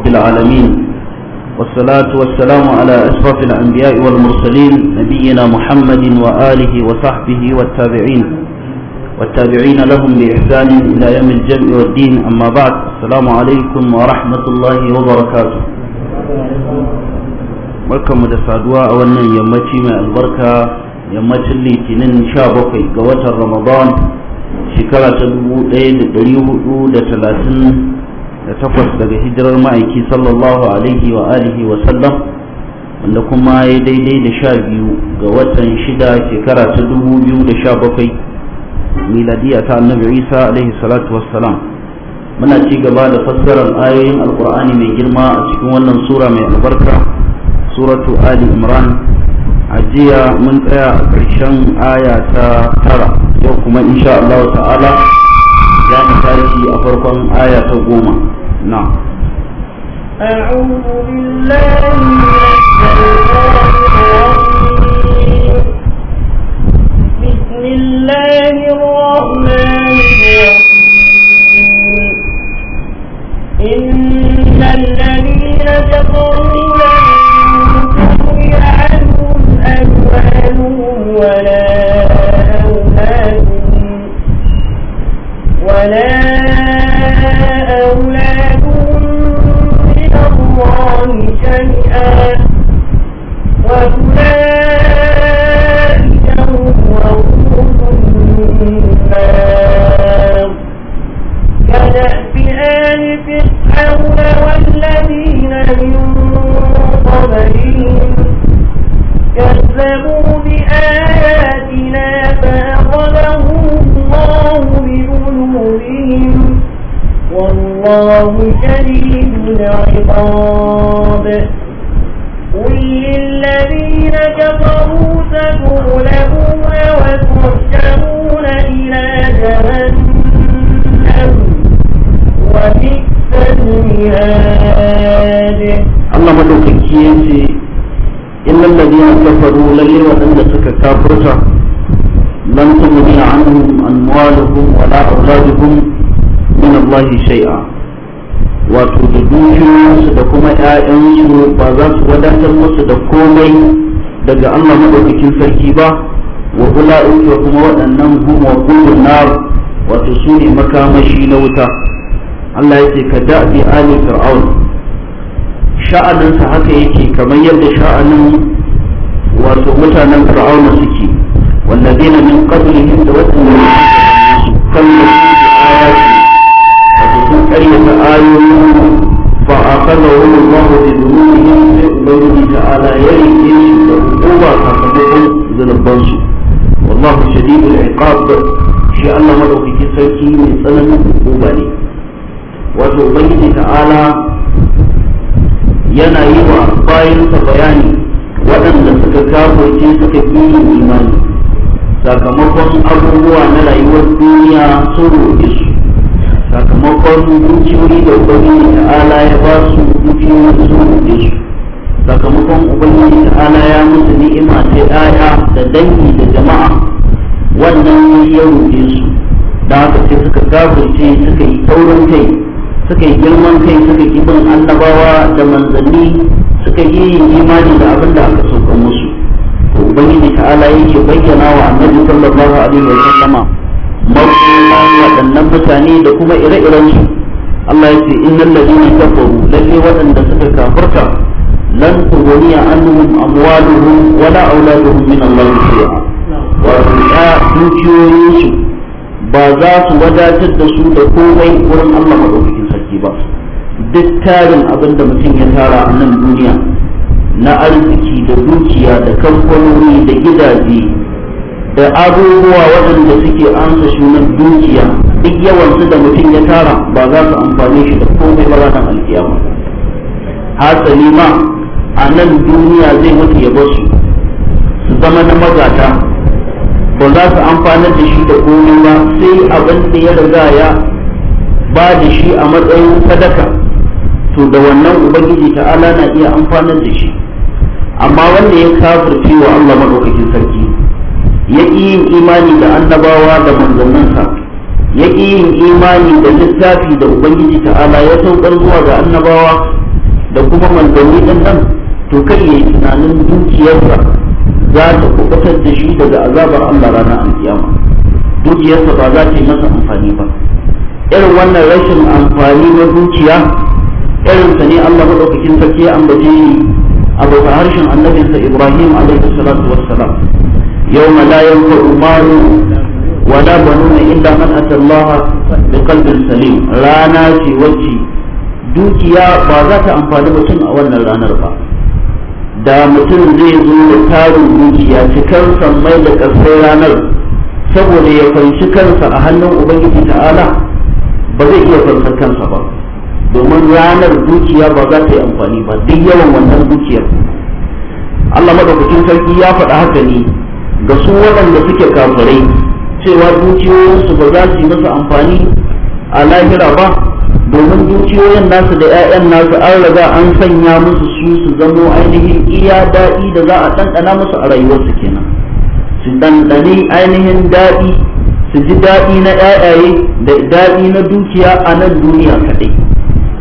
رب العالمين والصلاة والسلام على أشرف الأنبياء والمرسلين نبينا محمد وآله وصحبه والتابعين والتابعين لهم بإحسان إلى يوم الجمع والدين أما بعد السلام عليكم ورحمة الله وبركاته barkan mu da saduwa a wannan yammaci mai albarka yammacin litinin 17 ga watan ramadan shekara دو 1430 da takwas daga hijirar ma'aiki sallallahu alaihi wa alihi wa sallam wanda kuma ya daidai da sha biyu ga watan shida shekara ta dubu biyu da sha bakwai miladiya ta annabi isa alaihi salatu wassalam muna ci gaba da fassarar ayoyin alkur'ani mai girma a cikin wannan sura mai albarka suratu ali imran a jiya mun tsaya a ƙarshen aya ta tara yau kuma insha ta'ala za mu tashi a farkon aya ta goma نعم أعوذ بالله من الشيطان الرجيم بسم الله الرحمن الرحيم إن الذين كفروا لن تغني عنهم أموالهم ولا أولادهم ولا وأولئك هم وروث النار كدأب آل فرعون والذين من قبلهم كذبوا بآياتنا فأخذهم الله بذنوبهم والله شديد العقاب Allah maɗaukaki ya ce, Inna lalle ya tafa lalle waɗanda suka kafurta, don ta muni a hannun annuwalukun wala a wulajukun min Allah shai'a. Wato da dukiyoyinsu da kuma ‘ya’yan su ba za su wadatar musu da komai daga Allah madaukakin sarki ba wa ula'ika kuma waɗannan hum wa nar wato su ne makamashi na wuta Allah yake ka da'bi ali fir'aun sha'anin haka yake kamar yadda sha'anin wato mutanen fir'auna suke wallazina min qablihim da waɗanda kan da ayati wato sun karyata ayoyin أخذهم الله بذنوبهم في قوله تعالى يرث العقوبة فقدهم ذنوبهم والله شديد العقاب shi Allah madaukaki sarki mai tsananin hukuma ne wato ubangiji ta'ala yana yi wa bayansa bayani waɗanda suka kafurce suka yi imani sakamakon abubuwa na rayuwar duniya sun roƙe su sakamakon dukiyoyi da ubangiji ala ya ba su dukiyoyi sun rufe su sakamakon ubangiji ala ya musu ni'ima ta ɗaya da dangi da jama'a wannan ya rufe su da haka sai suka gafurce suka yi taurin kai suka yi girman kai suka yi bin annabawa da manzanni suka yi imani da abin da aka sauka musu ubangiji ta'ala yake bayyana wa annabi sallallahu alaihi wa sallama mawuyan waɗannan mutane da kuma ire-irensu Allah ya ce innal ladina kafaru lalle waɗanda suka kafarta lan tughniya anhum amwaluhum wala auladuhum min Allah shay'a wa ya dukiyoyinsu ba za su wadatar da su da komai wurin Allah madaukakin sarki ba duk tarin abin da mutum ya tara a nan duniya na arziki da dukiya da kamfanoni da gidaje da abubuwa waɗanda suke amsa sunan dukiya duk yawan su da mutum ya tara ba za su amfane shi da komai ba ranar alkiyama hasali ma a nan duniya zai mutu ya basu su zama na magata ba za su amfanar da shi da komai ba sai abin da ya riga ya ba da shi a matsayin sadaka to da wannan ubangiji ta'ala na iya amfanar da shi amma wanda ya kafirce wa Allah madaukakin sarki ya yin imani da annabawa da manzanninsa ya yin imani da littafi da ubangiji ta'ala ya saukar zuwa ga annabawa da kuma manzanni ɗin nan to kai ya yi tunanin dukiyarsa za ta kubutar da shi daga azabar allah ranar alkiyama dukiyarsa ba za ta yi masa amfani ba irin wannan rashin amfani na dukiya irinsa ne allah maɗaukakin sarki ya a bauta harshen annabinsa ibrahim alaihi salatu wassalam يوم لا ينفع مال ولا بنون إلا من أتى الله بقلب سليم رانا في وجهي دوكيا بازات أنفال بسن أولا رانا ربا da mutum zai zo da tarin dukiya cikar sammai da ƙarfin ranar saboda ya fanci kansa a hannun ubangiji ta'ala ba zai iya fansar kansa ba domin ranar dukiya ba za ta yi amfani ba duk yawan wannan dukiyar Allah madaukakin sarki ya faɗa haka ne ga su waɗanda suke kafirai cewa dukiyoyinsu ba za su yi masa amfani a lahira ba domin dukiyoyin nasu da 'ya'yan nasu an riga an sanya musu su su zamo ainihin iya daɗi da za a ɗanɗana musu a rayuwarsu kenan su ɗanɗani ainihin daɗi su ji daɗi na 'ya'yaye da daɗi na dukiya a nan duniya kaɗai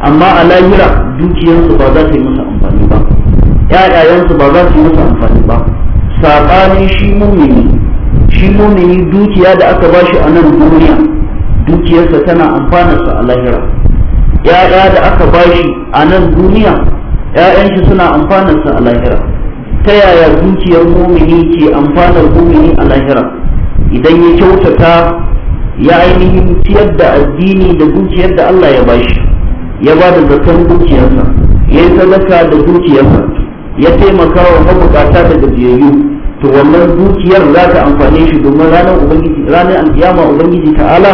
amma a lahira dukiyarsu ba za su yi musu amfani ba 'ya'yayensu ba za su yi musu amfani ba sabani shi mumini shi mumini dukiya da aka ba shi a nan duniya dukiyarsa tana amfanarsa a lahira ya'ya da aka ba shi a nan duniya ya'yan shi suna amfanarsa a lahira ta yaya dukiyar mumini ke amfanar mumini a lahira idan ya kyautata ya ainihin ciyar da addini da dukiyar da Allah ya ba shi, ya ba da zaton dukiyarsa ya yi sadaka da dukiyarsa ya taimaka wa mabukata da gajiyayyu to wannan dukiyar za ta amfane shi domin ranar ubangiji ranar alkiyama ubangiji ta'ala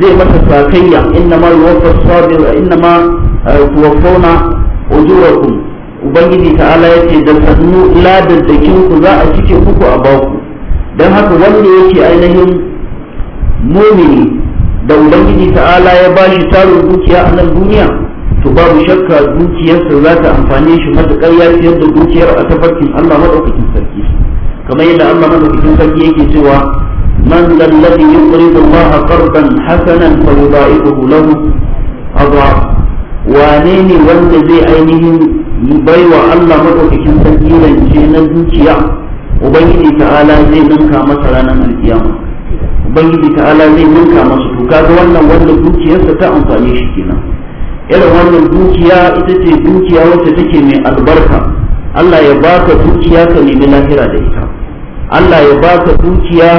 zai masa sakayya inna ma yuwaffa sabir inna ma tuwaffawna eh, ujurakum ubangiji ta'ala yace da sannu da ku za a cike kuku a baku dan haka wanda yake ainihin mumini da ubangiji ta'ala ya bashi tarin dukiya a nan duniya to babu shakka dukiyarsa za ta amfane shi matuƙar ya ciyar da dukiyar a tafarkin Allah maɗaukakin sarki kamar yadda Allah maɗaukakin sarki yake cewa man lallabi da Allah qardan hasanan fa yudaifuhu lahu adha wane ne wanda zai ainihin baiwa Allah maɗaukakin sarki rance na dukiya ubangiji ta'ala zai ninka masa ranar alkiyama ubangiji ta'ala zai ninka masa to kaga wannan wanda dukiyarsa ta amfane shi kenan irin wannan dukiya ita ce dukiya wacce take mai albarka Allah ya baka dukiya ka nemi lahira da ita Allah ya baka dukiya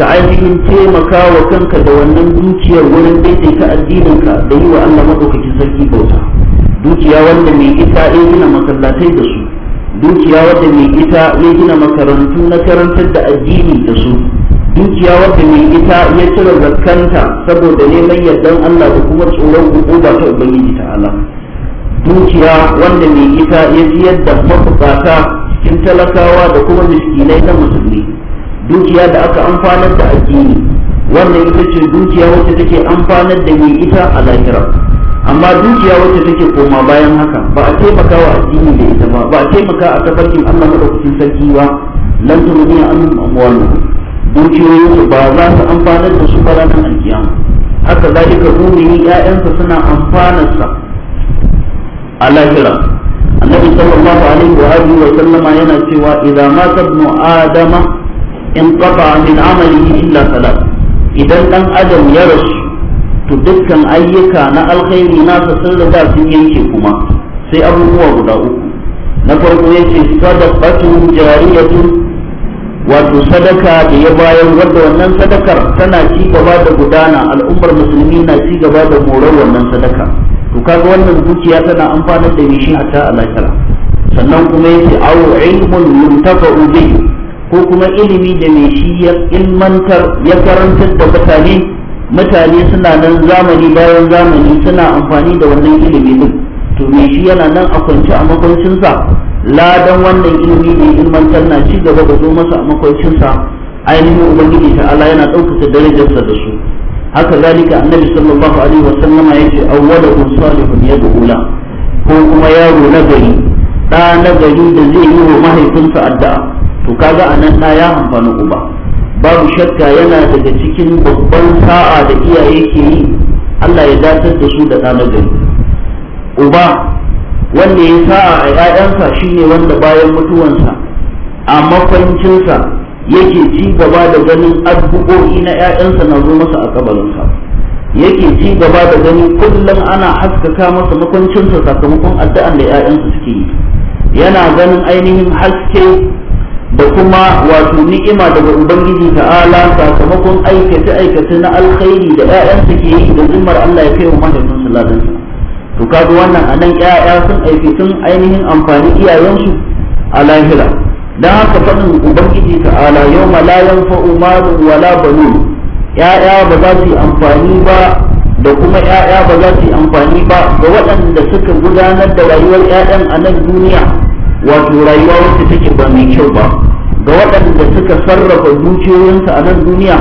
ka ainihin taimaka wa kanka da wannan dukiyar wurin daidaita addininka da yi wa Allah madaukakin sarki bauta dukiya wanda mai ita ya gina masallatai da su dukiya wanda mai ita ya gina makarantu na karantar da addini da su dukiya wata mai ita ya cire zaskanta saboda neman yardan Allah da kuma tsoron hukuma ta ubangiji ta Allah dukiya wanda mai ita ya ji yadda mafukata cikin talakawa da kuma miskinai na musulmi dukiya da aka amfanar da addini wannan ita ce dukiya wacce take amfanar da mai ita a lahira amma dukiya wacce take koma bayan haka ba a taimaka wa addini da ita ba ba a taimaka a tafarkin Allah madaukakin sarki ba lantarki ne an amwalu dukiyoyinsu ba za su amfana da su ba ranar alkiyama haka zalika mumini ƴaƴansa suna sa. a lahira annabi sallallahu alaihi wa alihi wa sallama yana cewa idan ma tabnu adama in qata min amalihi illa salat idan dan adam ya rasu to dukkan ayyuka na alkhairi nasa sun riga sun yanke kuma sai abubuwa guda uku na farko yace sadaqatu jariyatu wato sadaka da ya bayar wadda wannan sadakar tana ci gaba da gudana al'ummar musulmi na ci gaba da morar wannan sadaka to kaga wannan zuciya tana amfana da shi ta alakara sannan kuma yake awo ilmun yuntafa'u bihi ko kuma ilimi da mai shi ya ilmantar ya karantar da mutane mutane suna nan zamani bayan zamani suna amfani da wannan ilimi to mai shi yana nan a kwance a makwancinsa ladan wannan ilimi da ilmantar na ci gaba da zo masa a makwacinsa ainihin ubangiji ta ala yana ɗaukaka darajarsa da su haka zalika annabi sallallahu alaihi wa ce yace awwaluhum salihun yad'u Ula, ko kuma yaro na gari da na gari da zai yi wa mahaifinsa addu'a to kaga anan da ya amfani uba babu shakka yana daga cikin babban sa'a da iyaye ke yi Allah ya datar da su da ɗa na gari uba wanda ya sa a ƴaƴansa shine wanda bayan mutuwansa a mafarkinsa yake ci gaba da ganin addu'o'i na ƴaƴansa na zo masa a kabarinsa yake ci gaba da ganin kullum ana haskaka masa makwancinsa sakamakon addu'an da ƴaƴansa suke yi yana ganin ainihin haske da kuma wato ni'ima daga ubangiji ta'ala sakamakon aikace aikace na alkhairi da ƴaƴansa ke yi da zimmar Allah ya kai wa mahaifinsa ladansa to ga wannan anan ƴaƴa sun aiki sun ainihin amfani iyayensu a lahira dan haka faɗin ubangiji ala yawma la yanfa'u malu wala banun ƴaƴa ba za su amfani ba da kuma ƴaƴa ba za su amfani ba ga waɗanda suka gudanar da rayuwar ƴaƴan a nan duniya wato rayuwa wacce take ba mai kyau ba ga waɗanda suka sarrafa zuciyoyinsu a nan duniya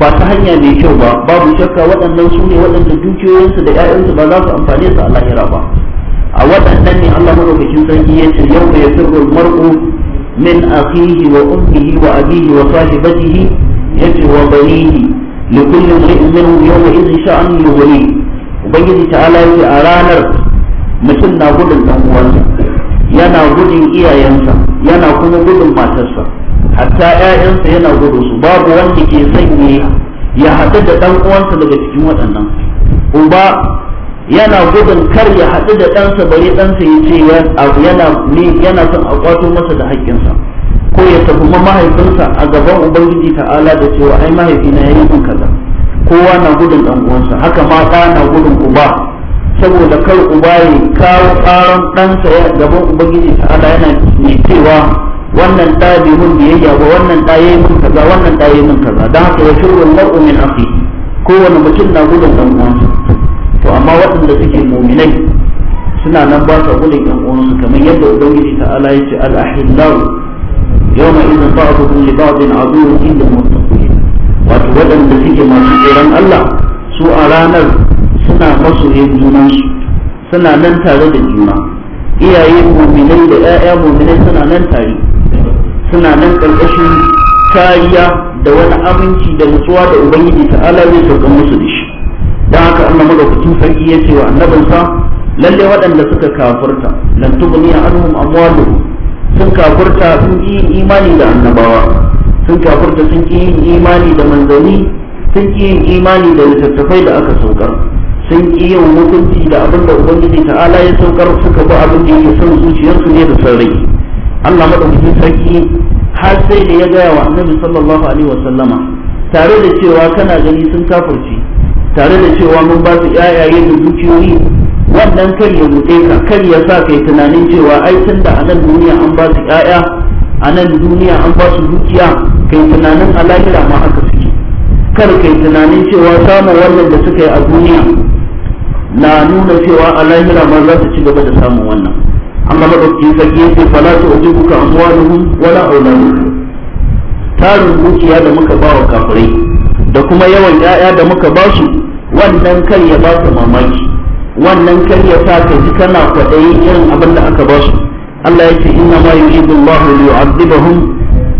ba ta hanya mai kyau ba babu shakka waɗannan su ne waɗanda dukiyoyinsu da 'ya'yansu ba za su amfane su a lahira ba a waɗannan ne Allah madaukakin sarki ya ce yau ya sirru mar'u min akhihi wa ummihi wa abihi wa sahibatihi yace wa banihi li kulli imrin minhum yawma idhin sha'an yughni ubangiji ta'ala yace a ranar mutum na gudun dan uwansa yana gudun iyayensa yana kuma gudun matarsa hatta ƴaƴansa yana gudu su babu wanda ke sanye ya haɗu da ɗan uwansa daga cikin waɗannan uba yana gudun kar ya haɗu da ɗansa bare ɗansa ya ce yana yana son a kwato masa da haƙƙinsa ko ya tafi mahaifinsa a gaban ubangiji ta'ala da cewa ai mahaifina ya yi min kaza kowa na gudun ɗan uwansa haka ma ɗa na gudun uba saboda kar uba ya kawo ƙaran ɗansa gaban ubangiji ta'ala yana mai cewa wannan ɗa bi mun biyayya ba wannan ɗa yayi mun kaza wannan ɗa yayi mun kaza dan haka ya shuru mar'u min akhi kowanne mutum na gudun dan uwansa to amma waɗanda suke mu'minai suna nan ba sa gudun dan uwansu kamar yadda ubangiji ta ya ce al-ahillau yawma idzin ba'dhum li ba'din aduwwun illa muttaqin wato waɗanda suke masu tsoron Allah su a ranar suna masoyin junansu suna nan tare da juna iyaye muminai da 'ya'ya muminai suna nan tare suna nan ƙarƙashin kariya da wani aminci da nutsuwa da ubangiji ta'ala zai sauka musu da shi don haka Allah madaukakin sarki ya ce wa annabinsa lalle waɗanda suka kafurta lan tughni anhum amwaluhum sun kafurta sun ki yin imani da annabawa sun kafurta sun ki yin imani da manzanni sun ki yin imani da littattafai da aka saukar sun ki yin hukunci da abin da ubangiji ta'ala ya saukar suka bi abin da yake son zuciyarsu ne da sarrai Allah madaukakin sarki har sai da ya gaya wa annabi sallallahu alaihi wa sallama tare da cewa kana gani sun kafirci tare da cewa mun ba su yayaye da dukiyoyi wannan kar ya buɗe ka kar ya sa kai tunanin cewa ai tun da a nan duniya an ba su yaya a nan duniya an ba su dukiya kai tunanin a lahira ma aka suke kar kai tunanin cewa samun wannan da suka yi a duniya na nuna cewa a lahira ma za su ci gaba da samun wannan Allah madaukakin sarki yake fala ta ujibuka amwaluhum wala auladuhum tarin dukiya da muka ba wa kafirai da kuma yawan ya'ya da muka ba su wannan kan ya ba ka mamaki wannan kan ya sa ka ji kana kwaɗayin irin abin da aka ba su Allah ya ce inna ma yuridu Allah li yu'adhibahum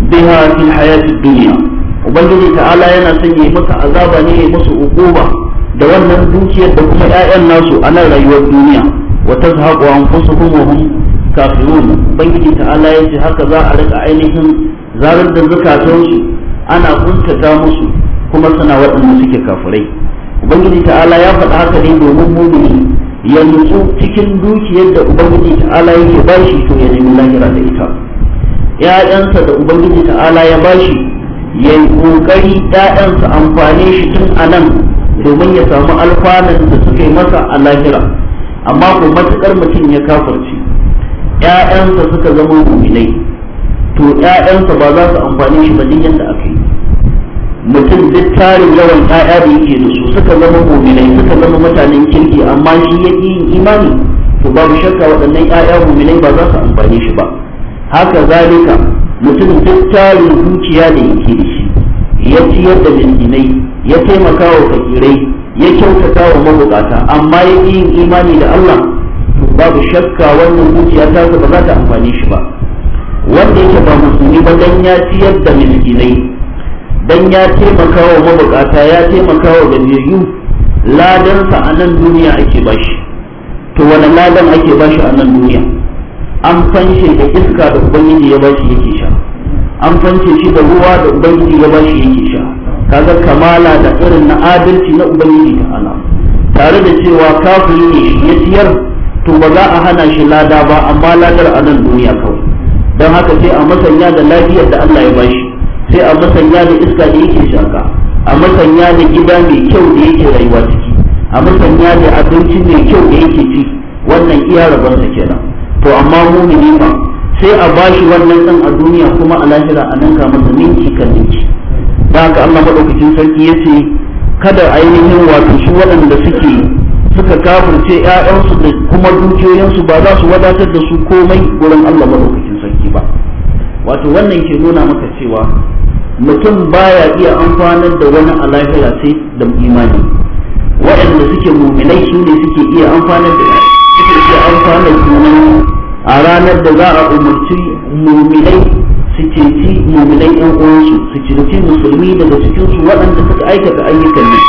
biha fil hayati dunya ubangiji ta'ala yana son yi maka azaba ne ya musu ukuba da wannan dukiyar da kuma ƴaƴan nasu a nan rayuwar duniya wa tazhaqu anfusuhum wa hum kafirun bangiji ta'ala ya ce haka za a rika ainihin zarar da zukatansu ana kuntata musu kuma suna waɗanda suke kafirai ubangiji ta'ala ya faɗa haka ne domin mumini ya nutsu cikin dukiyar da ubangiji ta'ala yake bashi to ya nemi lahira da ita ‘ya'yansa da ubangiji ta'ala ya bashi ya yi ƙoƙari ‘ya'yansa amfane shi tun a nan domin ya samu alfanun da suka yi masa a lahira amma ko matuƙar mutum ya kafarci ƴaƴansa suka zama mu'minai to ƴaƴansa ba za su amfani shi ba duk yadda aka yi mutum duk tarin yawan ƴaƴa da yake da su suka zama mu'minai suka zama mutanen kirki amma shi ya yi imani to babu shakka waɗannan ƴaƴa mu'minai ba za su amfani shi ba haka zalika mutum duk tarin zuciya da yake da shi ya ciyar da mintinai ya taimaka wa fakirai ya kyautata wa mabukata amma ya yi yin imani da Allah babu shakka wannan dukiya ta ba za ta amfani shi ba wanda yake ba musulmi ba dan ya ciyar da miskinai dan ya taimaka wa mabukata ya taimaka wa gajiyayyu ladansa a nan duniya ake bashi to wani ladan ake bashi a nan duniya an fanshe da iska da ubangiji ya bashi yake sha an fanshe shi da ruwa da ubangiji ya bashi yake sha kaga kamala da irin na adalci na ubangiji ta ala tare da cewa kafin ne ya ciyar to ba za a hana shi lada ba amma ladar a nan duniya kawai don haka sai a masanya da lafiyar da Allah ya bashi sai a masanya da iska da yake shaka a masanya da gida mai kyau da yake rayuwa ciki a masanya da abinci mai kyau da yake ci wannan iya da kenan to amma mumini ma sai a bashi wannan ɗan a duniya kuma a lahira a nan masa ninki kan ninki da haka Allah maɗaukacin sarki ya ce kada ainihin wato shi waɗanda suke suka kafirce 'ya'yansu da kuma dukiyoyinsu ba za su wadatar da su komai wurin Allah lokacin sarki ba wato wannan ke nuna maka cewa mutum baya iya amfanar da wani a sai da imani waɗanda suke muminai su ne suke iya amfanar da suke iya amfanar a ranar da za a umarci muminai su ceci muminai ƴan uwansu su ceci musulmi daga cikinsu waɗanda suka aikata ayyukan ne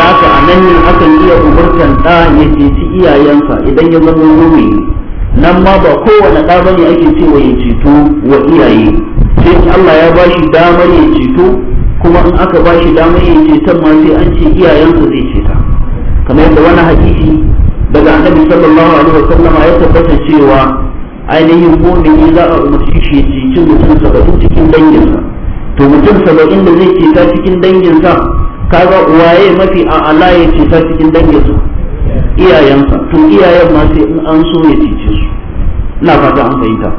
haka a nan ne akan iya umurtan ɗa ya ceci iyayensa idan ya zama mumini nan ma ba kowane ɗa bane ake cewa ya ceto wa iyaye sai Allah ya ba shi damar ya ceto kuma in aka ba shi damar ya ceton ma sai an ce iyayensa zai ceta kamar yadda wani hadisi daga annabi sallallahu alaihi wasallam ya tabbata cewa ainihin mumini za a umarci shi ya ceci mutum saba'in cikin danginsa to mutum saba'in da zai ceta cikin danginsa kaga waye mafi a'ala ya cuta cikin dangin su iyayensa to iyayen ma sai in an so ya cece su ina fata an fahimta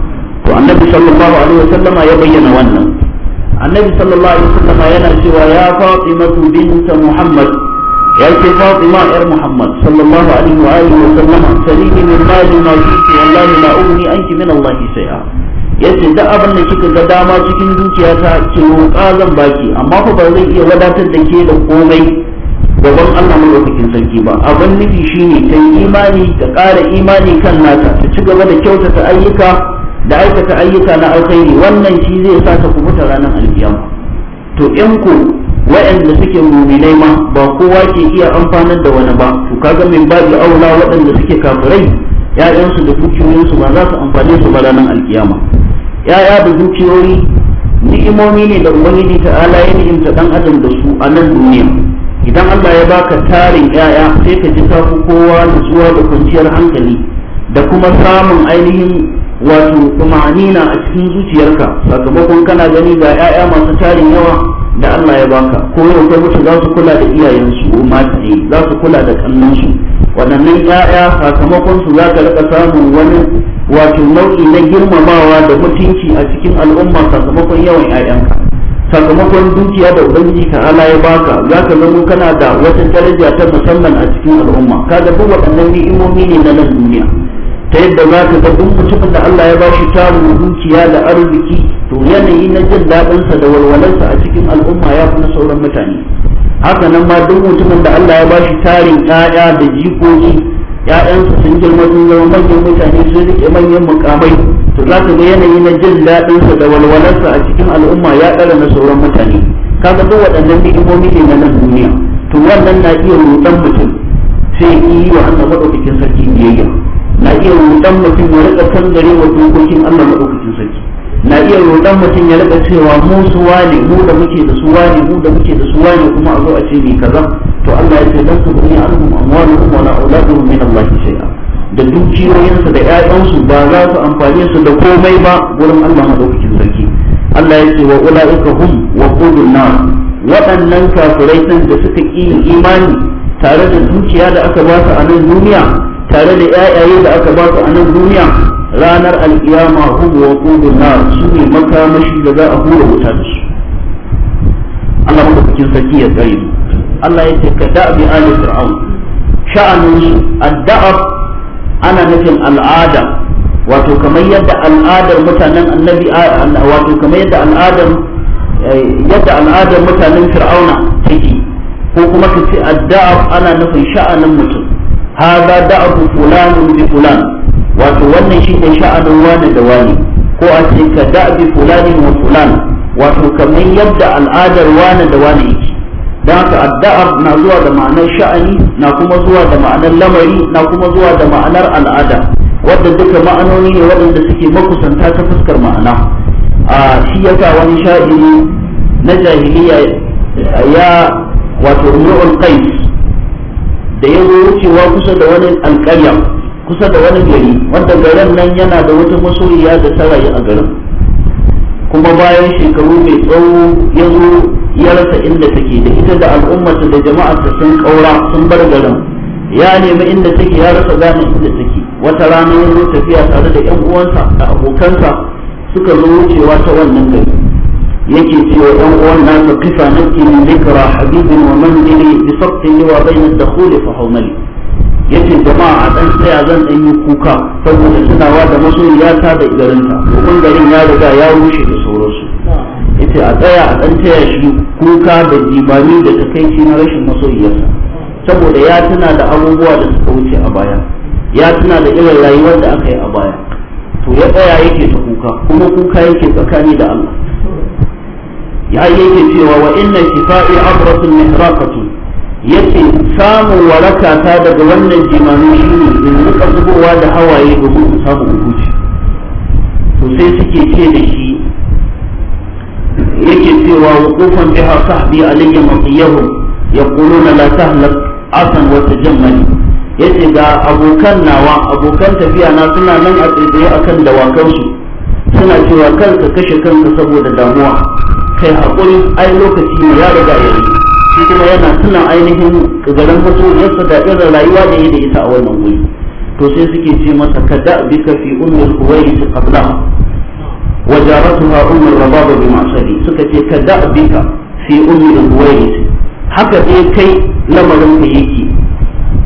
to annabi sallallahu alaihi wasallam ya bayyana wannan annabi sallallahu alaihi wasallam yana cewa ya fatimatu binta muhammad ya ce fatima yar muhammad sallallahu alaihi wa alihi wasallam salimi min mali ma shi wallahi ma ugni anki min allahi shay'a yace duk abin da kika ga dama cikin ta ki roƙa zan baki amma fa ba zai iya wadatar da ke da komai gaban Allah madaukakin sarki ba abin nufi shine kai imani ka ƙara imani kan nata ta ci gaba da kyautata ayyuka da aikata ayyuka na alkhairi wannan shi zai sa ta kubuta ranar alkiyama to in ku waɗanda suke muminai ma ba kowa ke iya amfanar da wani ba to kaga min babu aula waɗanda suke kafirai ya'yansu da dukiyoyinsu ba za su amfane su ba ranar alkiyama yaya da zuciyoyi ni'imomi ne da ubangiji ta'ala ya ni'imta dan adam da su a nan duniya idan Allah ya baka tarin yaya sai ka ji tafi kowa nutsuwa da kwanciyar hankali da kuma samun ainihin wato nina a cikin zuciyarka sakamakon kana gani ga yaya masu tarin yawa da Allah ya baka ko yau kai mutu za su kula da iyayensu mata eh, za su kula da kannansu waɗannan ya'ya sakamakon su za ka rika samun wani wato nau'i na girmamawa da mutunci a cikin al'umma sakamakon yawan 'ya'yanka sakamakon dukiya da ubangiji ta ala ya baka za ka zama kana da wata daraja ta musamman a cikin al'umma ka ga duk waɗannan ni'imomi ne na nan duniya ta yadda za ka ga duk mutumin da Allah ya bashi tarin dukiya da arziki to yanayi na jin daɗinsa da walwalarsa a cikin al'umma ya fi na sauran mutane haka nan ma duk mutumin da Allah ya bashi tarin ƴaƴa da jikoki ƴaƴansa sun girma sun zama manyan mutane sun rike manyan mukamai to za ka ga yanayi na jin daɗinsa da walwalarsa a cikin al'umma ya ɗara na sauran mutane kaga duk waɗannan ni'imomi ne na nan duniya to wannan na iya rudan mutum sai yi wa Allah maɗaukakin sarki biyayya na iya rudan mutum ya riƙa kangare wa dokokin Allah maɗaukakin sarki na iya roɗan mutum ya rika cewa mu su ne mu da muke da su ne mu da muke da suwa ne kuma a zo a ce ni kaza to Allah ya ce dan su ne alhum amwaluhum wala auladuhum min Allah shay'a da dukiyoyinsu da ƴaƴansu ba za su amfani su da komai ba gurin Allah madaukakin sarki Allah ya ce wa ulaika hum waqudun na waɗannan kafirai da suka ƙi imani tare da dukiya da aka ba su a nan duniya tare da ƴaƴaye da aka ba su a nan duniya ranar alkiyama hum waqudun na su ne makamashi da za a hura wuta da su Allah mu cikin sarki ya tsare su Allah ya ce ka da'bi ali fir'aun sha'anun adda'ab ana nufin al'ada wato kamar yadda al'adar mutanen annabi wato kamar yadda al'adar eh, yadda al'adar mutanen fir'auna take ko kuma ka ce adda'ab ana nufin sha'anin mutum haza da'abu fulanin bi fulan wato wannan shi ne sha'anin wani da wani ko a ce ka da'bi fulanin wa fulan wato kamar yadda al'adar wane da wane yake don haka addu'ar na zuwa da ma'anar sha'ani na kuma zuwa da ma'anar lamari na kuma zuwa da ma'anar al'ada wadda duka ma'anoni ne waɗanda suke makusanta ta fuskar ma'ana a shi yasa wani sha'iri na jahiliya ya wato ru'ul qais da ya zo wucewa kusa da wani alƙarya kusa da wani gari wanda garin nan yana da wata masoyiya da ta rayu a garin kuma bayan shekaru mai tsawo ya zo ya rasa inda take da ita da al'ummata da jama'arta sun kaura sun bar garin ya nemi inda take ya rasa gane inda take wata rana ya zo tafiya tare da yan uwansa da abokansa suka zo wucewa ta wannan gari yake cewa yan uwan nasa kifa nake min zikra habibin wa manzili bi sabtin wa bayna ad-dukhuli fa hawmali yace jama'a a dan tsaya zan dan yi kuka saboda tunawa da masoyiya ta da idarinta kun garin ya riga ya rushe da sauransu yace a tsaya a dan tsaya shi kuka da jimami da takaici na rashin masoyiyarsa saboda ya tuna da abubuwa da suka wuce a baya ya tuna da irin rayuwar da aka yi a baya to ya tsaya yake ta kuka kuma kuka yake tsakani da Allah ya yake cewa wa inna kifa'i abratun mihrakatun yace samun waraka ta daga wannan jimami shi ne in rika zubowa da hawaye domin ku samu hukunci to sai suke ce da shi yake cewa wuqufan biha sahbi alayya maqiyahum yaquluna la tahlak asan wa tajammali yace ga abokan nawa abokan tafiya na suna nan a tsaye akan dawakansu suna cewa kanka kashe kanka saboda damuwa kai hakuri ai lokaci ne ya riga ya yi shi kuma yana tuna ainihin garin mutuwarsa da irin rayuwa da ya da ita a wannan wuri to sai suke ce masa ka da bika fi ummul huwayi qabla wa jaratuha ummul rabab bi ma'sadi suka ce ka da bika fi ummul huwayi haka dai kai lamarin ka yake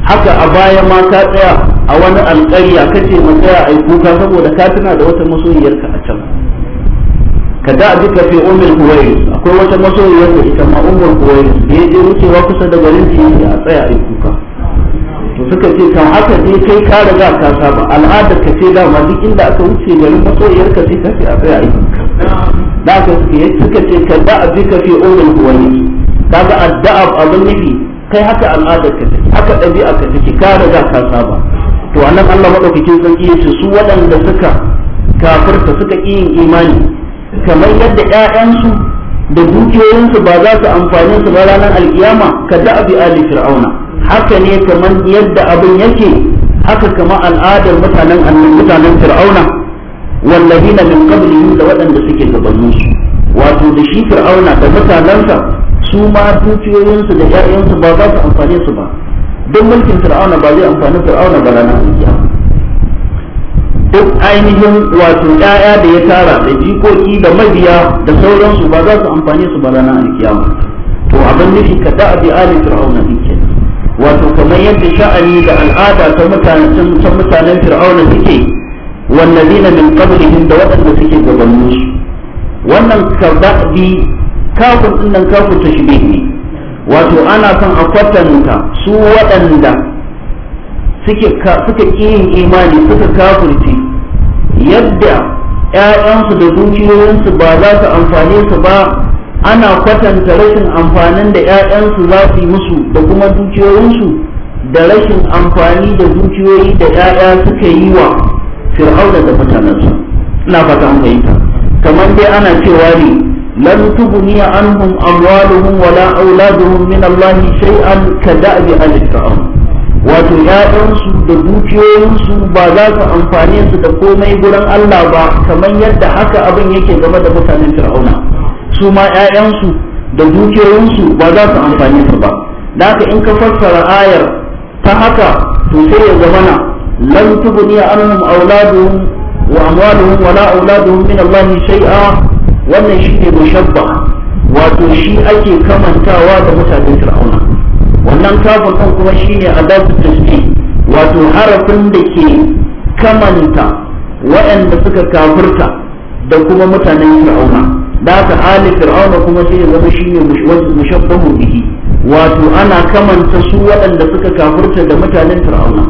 haka a baya ma ka tsaya a wani alƙarya kace mu tsaya ai kuka saboda ka tuna da wata masoyiyarka a can kada da duka fi umar kuwai akwai wata masoyiyar da ita ma umar kuwai da ya wucewa kusa da garin ci a tsaya a kuka to suka ce kan haka sai kai ka riga ka saba al'adar ka ce dama duk inda aka wuce garin masoyiyar ka sai ka fi a tsaya a da aka suka ce ka da duka fi umar kuwai kaga addu'a abin nufi kai haka al'adar ka take haka ɗabi'a ka ce ka riga ka saba to annabi Allah madaukakin sarki yace su waɗanda suka kafirta suka ƙi yin imani kamar yadda ƴaƴansu da dukiyoyinsu ba za su amfani su ba ranar alkiyama ka da abi ali fir'auna haka ne kamar yadda abin yake haka kama al'adar mutanen annan mutanen fir'auna na min qablihim da waɗanda suke gabanin su wato da shi fir'auna da mutanensa su ma dukiyoyinsu da ƴaƴansu ba za su amfane su ba don mulkin fir'auna ba zai amfani fir'auna ba ranar alkiyama duk ainihin wato ƴaƴa da ya tara da jikoki da mabiya da sauransu ba za su amfane su ba ranar alkiyama to abin nufi ka da abi ali fir'auna suke wato kamar yadda sha'ani da al'ada ta mutanen ta mutanen fir'auna suke wallazina min qablihim da waɗanda suke gabanin su wannan kadabi kafin din nan kafin ta shibe ne wato ana son a kwatanta su waɗanda suke suka yin imani suka kafirce yadda ‘ya'yansu da dukiyoyinsu ba za su amfane su ba ana kwatanta rashin amfanin da ‘ya'yansu za su yi musu da kuma dukiyoyinsu da rashin amfani da dukiyoyi da ‘ya'ya suka yi wa fir'auna da mutanensu ina fata an fahimta kamar dai ana cewa ne lan tuguni anhum amwaluhum wala auladuhum min Allah shay'an ka al-fir'aun wato ‘ya'yansu da dukiyoyinsu ba za su amfane su da komai gurin Allah ba kamar yadda haka abin yake game da mutanen fir'auna su ma ‘ya'yansu da dukiyoyinsu ba za su amfane su ba da haka in ka fassara ayar ta haka to sai ya zamana lan tubni anhum auladuhum wa amwaluhum wala auladuhum min Allah shay'a wannan shine mushabba wato shi ake kamantawa da mutanen fir'auna wannan kafin ɗin kuma shi shine adabu tasbih wato harafin da ke kamanta waɗanda suka kafirta da kuma mutanen fir'auna da aka ali fir'auna kuma sai ya zama shine mushabbahu bihi wato ana kamanta su waɗanda suka kafirta da mutanen fir'auna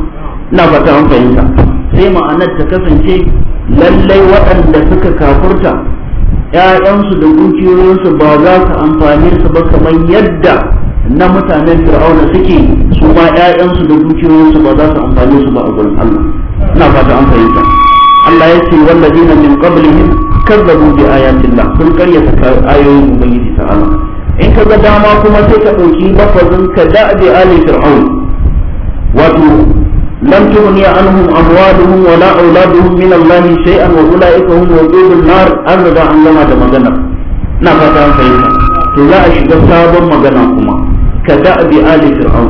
na fata an fahimta sai ma'anar ta kasance lallai waɗanda suka kafurta ‘ya'yansu da dukiyoyinsu ba za su amfane su ba kamar yadda na mutanen fir'auna suke su ma ƴaƴansu da dukiyoyinsu ba za su amfane su ba a gurin Allah ina fata an fahimta Allah ya ce wallazina min qablihim kazzabu bi ayatillah karya karyata ayoyin ubangiji allah in ka ga dama kuma sai ka ɗauki lafazin ka da'abi ali fir'aun wato lam tughni anhum amwaluhum wala auladuhum min Allah shay'an wa ulaika hum wajudun nar an da an gama da magana na fata an fahimta to za a shiga sabon magana kuma ka da'abi ali fir'aun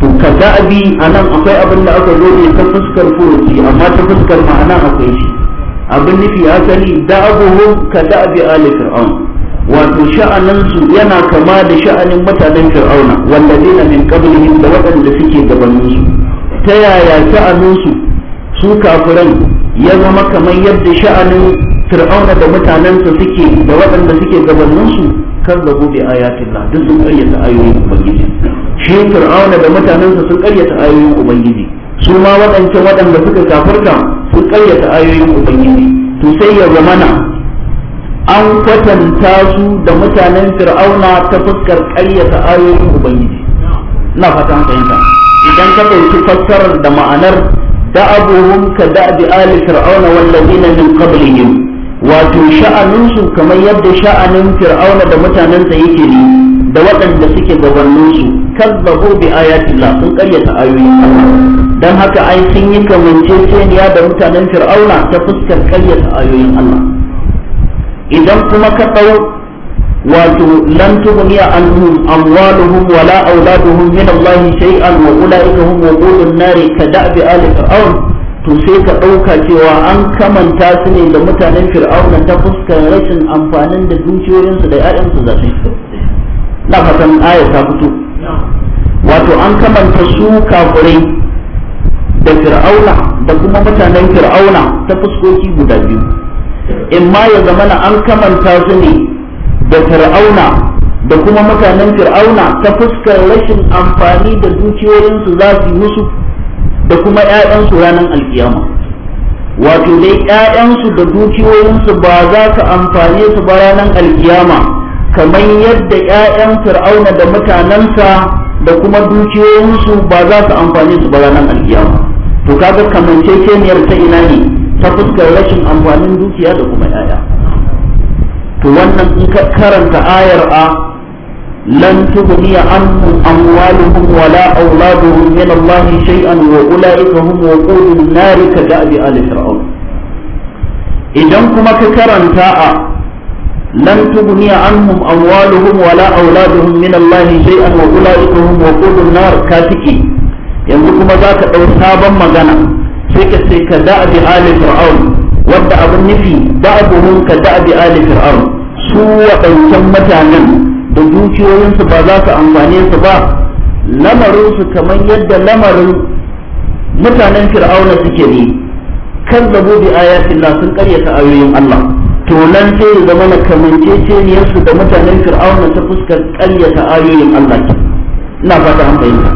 to ka da'abi anan akwai abin da aka zobe ta fuskar furuci amma ta fuskar ma'ana akwai shi abin nufi asali da'abuhum ka da'abi ali fir'aun wato sha'aninsu yana kama da sha'anin mutanen fir'auna walladina min qablihim da waɗanda suke gabaninsu ta yaya sha'aninsu su kafiran ya zama kamar yadda sha'anin fir'auna da mutanensa suke da waɗanda suke gabaninsu kazzabu bi ayatillah duk sun karyata ayoyin ubangiji shi fir'auna da mutanensa sun karyata ayoyin ubangiji su ma waɗancan waɗanda suka kafirta sun karyata ayoyin ubangiji to sai ya an kwatanta su da mutanen fir'auna ta fuskar ƙaryata ayoyin ubangiji na fatan fahimta idan ka ɗauki fassarar da ma'anar da'abuhum ka da'bi ali fir'auna wallazina min wato sha'aninsu kamar yadda sha'anin fir'auna da mutanensa yake ne da waɗanda suke gabaninsu kazzabu bi ayatillah sun karyata ayoyin Allah dan haka ai sun yi kamanceceniya da mutanen fir'auna ta fuskar karyata ayoyin Allah idan kuma ka ɗau wato lan tughniya anhum amwaluhum wala auladuhum min Allah shay'an wa ulaika hum waqudun nari ka da'bi ali fir'aun to sai ka ɗauka cewa an kamanta su ne da mutanen fir'auna ta fuskar rashin amfanin da dukiyoyinsu da 'ya'yansu zafi na fatan aya ta fito wato an kamanta su kafirai da fir'auna da kuma mutanen fir'auna ta fuskoki guda biyu in ma ya zamana an kamanta su ne da fir'auna da kuma mutanen fir'auna ta fuskar rashin amfani da dukiyoyinsu za su yi musu da kuma ƴaƴansu ranar alkiyama wato dai ƴaƴansu da dukiyoyinsu ba za ka amfane su ba ranar alkiyama kamar yadda ƴaƴan fir'auna da mutanensa da kuma dukiyoyinsu ba za ka amfane su ba ranar alkiyama to kaga kamanceceniyar ta ina ne ta fuskar rashin amfanin dukiya da kuma ƴaƴa to wannan in ka karanta ayar a لن تغني عنهم أموالهم ولا أولادهم من الله شيئا وأولئك هم وقود النار كدأب آل فرعون إذا كما كرن تاء لن تغني عنهم أموالهم ولا أولادهم من الله شيئا وأولئك هم وقود النار كاتكي yanzu kuma za ka ɗau sabon magana sai ka sai ka da'a bi ali fir'aun wanda abin nufi ba'aduhum ka da'a bi ali fir'aun su waɗancan mutanen da dukiyoyinsu ba za su amfane su ba lamarinsu kamar yadda lamarin mutanen fir'auna suke ne kan zabo bi ayatin la sun karyata ayoyin Allah to nan sai zama na kamanceceniyarsu da mutanen fir'auna ta fuskar karyata ayoyin Allah ina fata an fahimta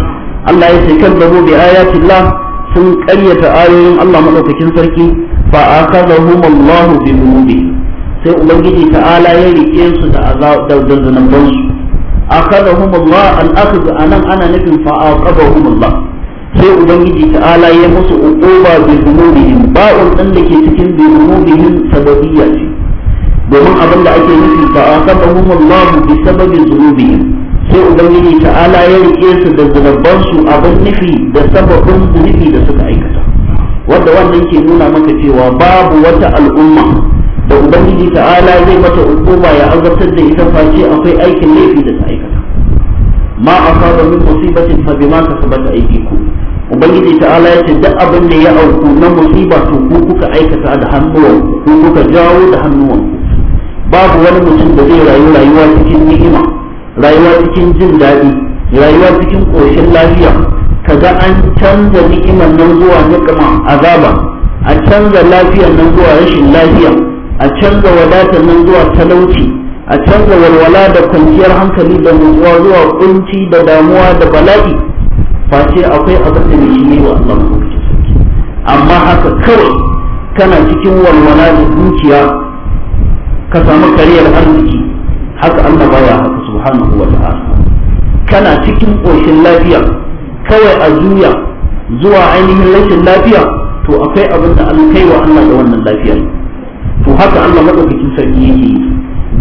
Allah ya ce kan zabo bi ayatin la sun karyata ayoyin Allah madaukakin sarki fa akazahum Allah bi dhunubi sai ubangiji ta'ala ya rike su da azabun su akadahum Allah an akhadha anan ana nufin fa aqabahum Allah sai ubangiji ta'ala ya musu uquba bi dhunubihim ba'un din da ke cikin bi dhunubihim sababiyya ce domin abin da ake nufi fa aqabahum Allah bi sababi dhunubihim sai ubangiji ta'ala ya rike su da zunuban su abin nufi da sababin zunubi da suka aikata wanda wannan ke nuna maka cewa babu wata al'umma da ubangiji ta'ala zai mata hukuma ya azabtar da ita face akwai aikin laifi da ta aikata ma a asaba min musibatin fa bima aiki ku ubangiji ta'ala ya ce duk abin da ya auku na musiba to ku kuka aikata da hannuwan ku kuka jawo da hannuwan babu wani mutum da zai rayu rayuwa cikin ni'ima rayuwa cikin jin daɗi rayuwa cikin ƙoshin lafiya kaga an canza ni'imar nan zuwa niƙima azaba a canza lafiyar nan zuwa rashin lafiyar. a canza wadatar nan zuwa talauci a canza walwala da kwanciyar hankali da nutsuwa zuwa kunci da damuwa da bala'i face akwai abin da shi ne wa Allah amma haka kawai kana cikin walwala da dukiya ka samu kariyar arziki haka Allah baya haka subhanahu wa ta'ala kana cikin koshin lafiya kawai a juya zuwa ainihin rashin lafiya to akwai abin da an kai wa Allah da wannan lafiyar haka Allah madaukakin sarki yake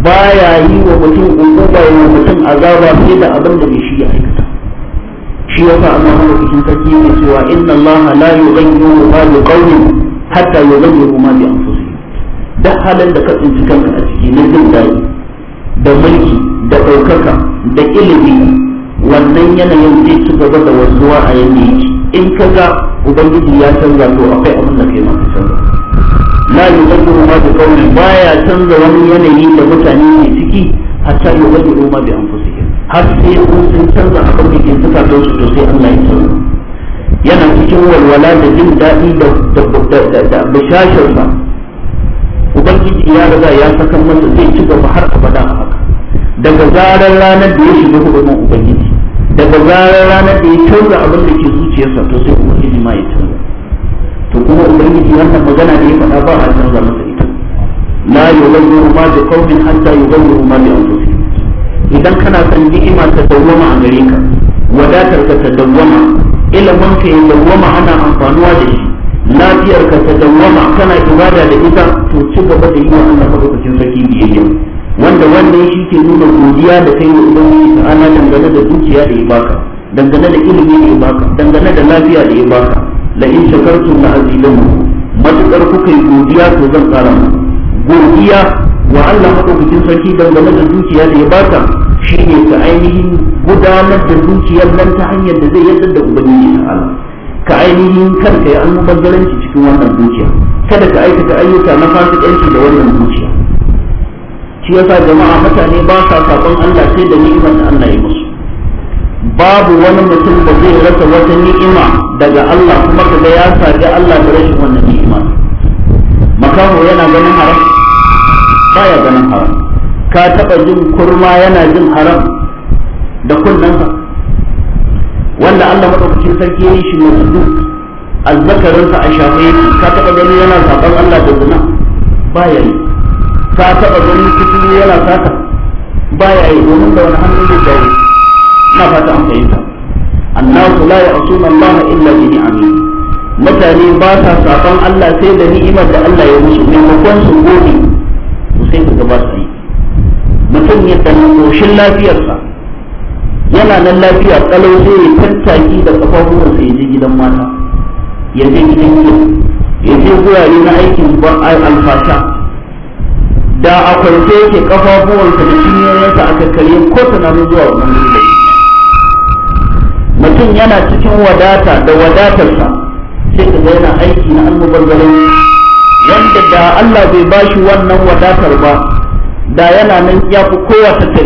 baya yi wa mutum ukuba yi wa mutum azaba sai da abin da shi ya aikata shi yasa Allah madaukakin sarki yake cewa inna Allah la yughayyiru ma bi qawmin hatta yughayyiru ma bi anfusihim duk halin da ka tsinci kanka a ciki na jin dadi da mulki da ɗaukaka da ilimi wannan yanayin zai ci gaba da wasuwa a yanayi in ka ga ubangiji ya canza to akwai abin da kai ma canza la yubaddiru ma bi ba ya canza wani yanayi da mutane ke ciki wani yubaddiru ma bi anfusihim har sai sun canza abin da ke zukatan su to sai Allah ya canza yana cikin walwala da jin daɗi da bishashinsa ubangiji ya riga ya saka masa zai ci gaba har abada a haka daga zarar ranar da ya shiga hudumin ubangiji daga zarar ranar da ya canza abin da ke zuciyarsa to sai ubangiji ma ya canza kuma ubangiji wannan magana da ya faɗa ba a canza masa ita la yughayyiru ma bi qawmin hatta yughayyiru ma bi anfusihim idan kana son ni'ima ta dawwama a gare ka wadatar ka ta dawwama ilimin ka ya dawwama ana amfanuwa da shi lafiyar ka ta dawwama kana ibada da ita to ci gaba da yi wa Allah madaukakin sarki biyayya wanda wannan shi ke nuna godiya da kai wa ubangiji ana dangane da dukiya da ya baka dangane da ilimi da ya baka dangane da lafiya da ya baka la in shakartum la azidannakum matukar kuka yi godiya to zan kara muku godiya wa Allah madaukakin sarki dangane da dukiya da ya baka shine ka ainihin gudanar da dukiyar nan ta hanyar da zai yadda da ubangiji ta'ala ka ainihin yi ya almubazzaranci cikin wannan dukiya kada ka aikata ayyuka na fasikanci da wannan dukiya shi yasa jama'a mutane ba sa sabon Allah sai da ni'imar da Allah ya musu babu wani mutum da zai rasa wata ni'ima daga Allah kuma kaga ya saji Allah da rashin wannan ni'ima makaho yana ganin haram baya ganin haram ka taba jin kurma yana jin haram da kunnansa wanda Allah madaukakin sarki ya yi shi mutu sa a shafe ka taba ganin yana sabon Allah da zina baya yi ka taba ganin kuturu yana sata baya yi domin da wani hannu da jawo na fata an fahimta annasu la ya'suna Allah illa bi ni'ami mutane ba sa saban Allah sai da ni'imar da Allah ya musu maimakon su gobe to sai ku gaba su yi mutum ya dan koshin lafiyarsa yana nan lafiya kalau sai ya tattaki da kafafuwansa ya je gidan mata ya je gidan gidan ya je gurare na aikin alfasha da a kwarce yake kafafuwansa da cinyoyinsa aka kare ko tunanin zuwa wannan lokaci mutum yana cikin wadata da wadatarsa sai ka yana aiki na almubazzarai wanda da Allah bai ba shi wannan wadatar ba da yana nan ya fi kowa tare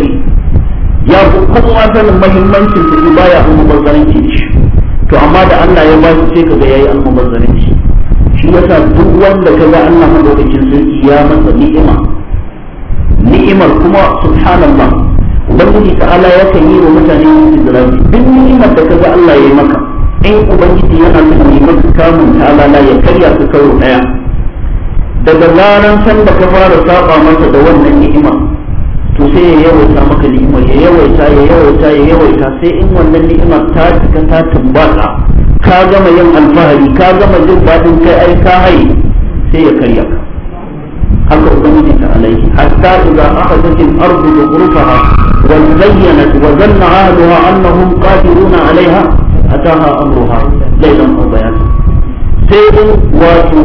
ya fi kowa sanin mahimmancin su ba ya almubazzaranci shi to amma da Allah ya ba shi sai ka ga yayi almubazzaranci shi yasa duk wanda ka ga Allah madaukakin sarki ya masa ni'ima ni'imar kuma subhanallah ubangiji ta'ala ya kan yi wa mutane istizrafi duk ni'imar da kaga Allah ya yi maka in ubangiji yana son yi maka kamun ta'ala ya karya su karo daya daga zaran san da ka fara saba masa da wannan ni'ima to sai ya yawaita maka ni'imar ya yawaita ya yawaita ya yawaita sai in wannan ni'imar ta cika ta tumbata ka gama yin alfahari ka gama jin daɗin kai ai ka hai sai ya karya ka haka ubangiji ta alaihi hatta idza akhadhat al-ardu zukhrufaha وزينت وظن أهلها أنهم قادرون عليها أتاها أمرها ليلا أو بيانا sai wato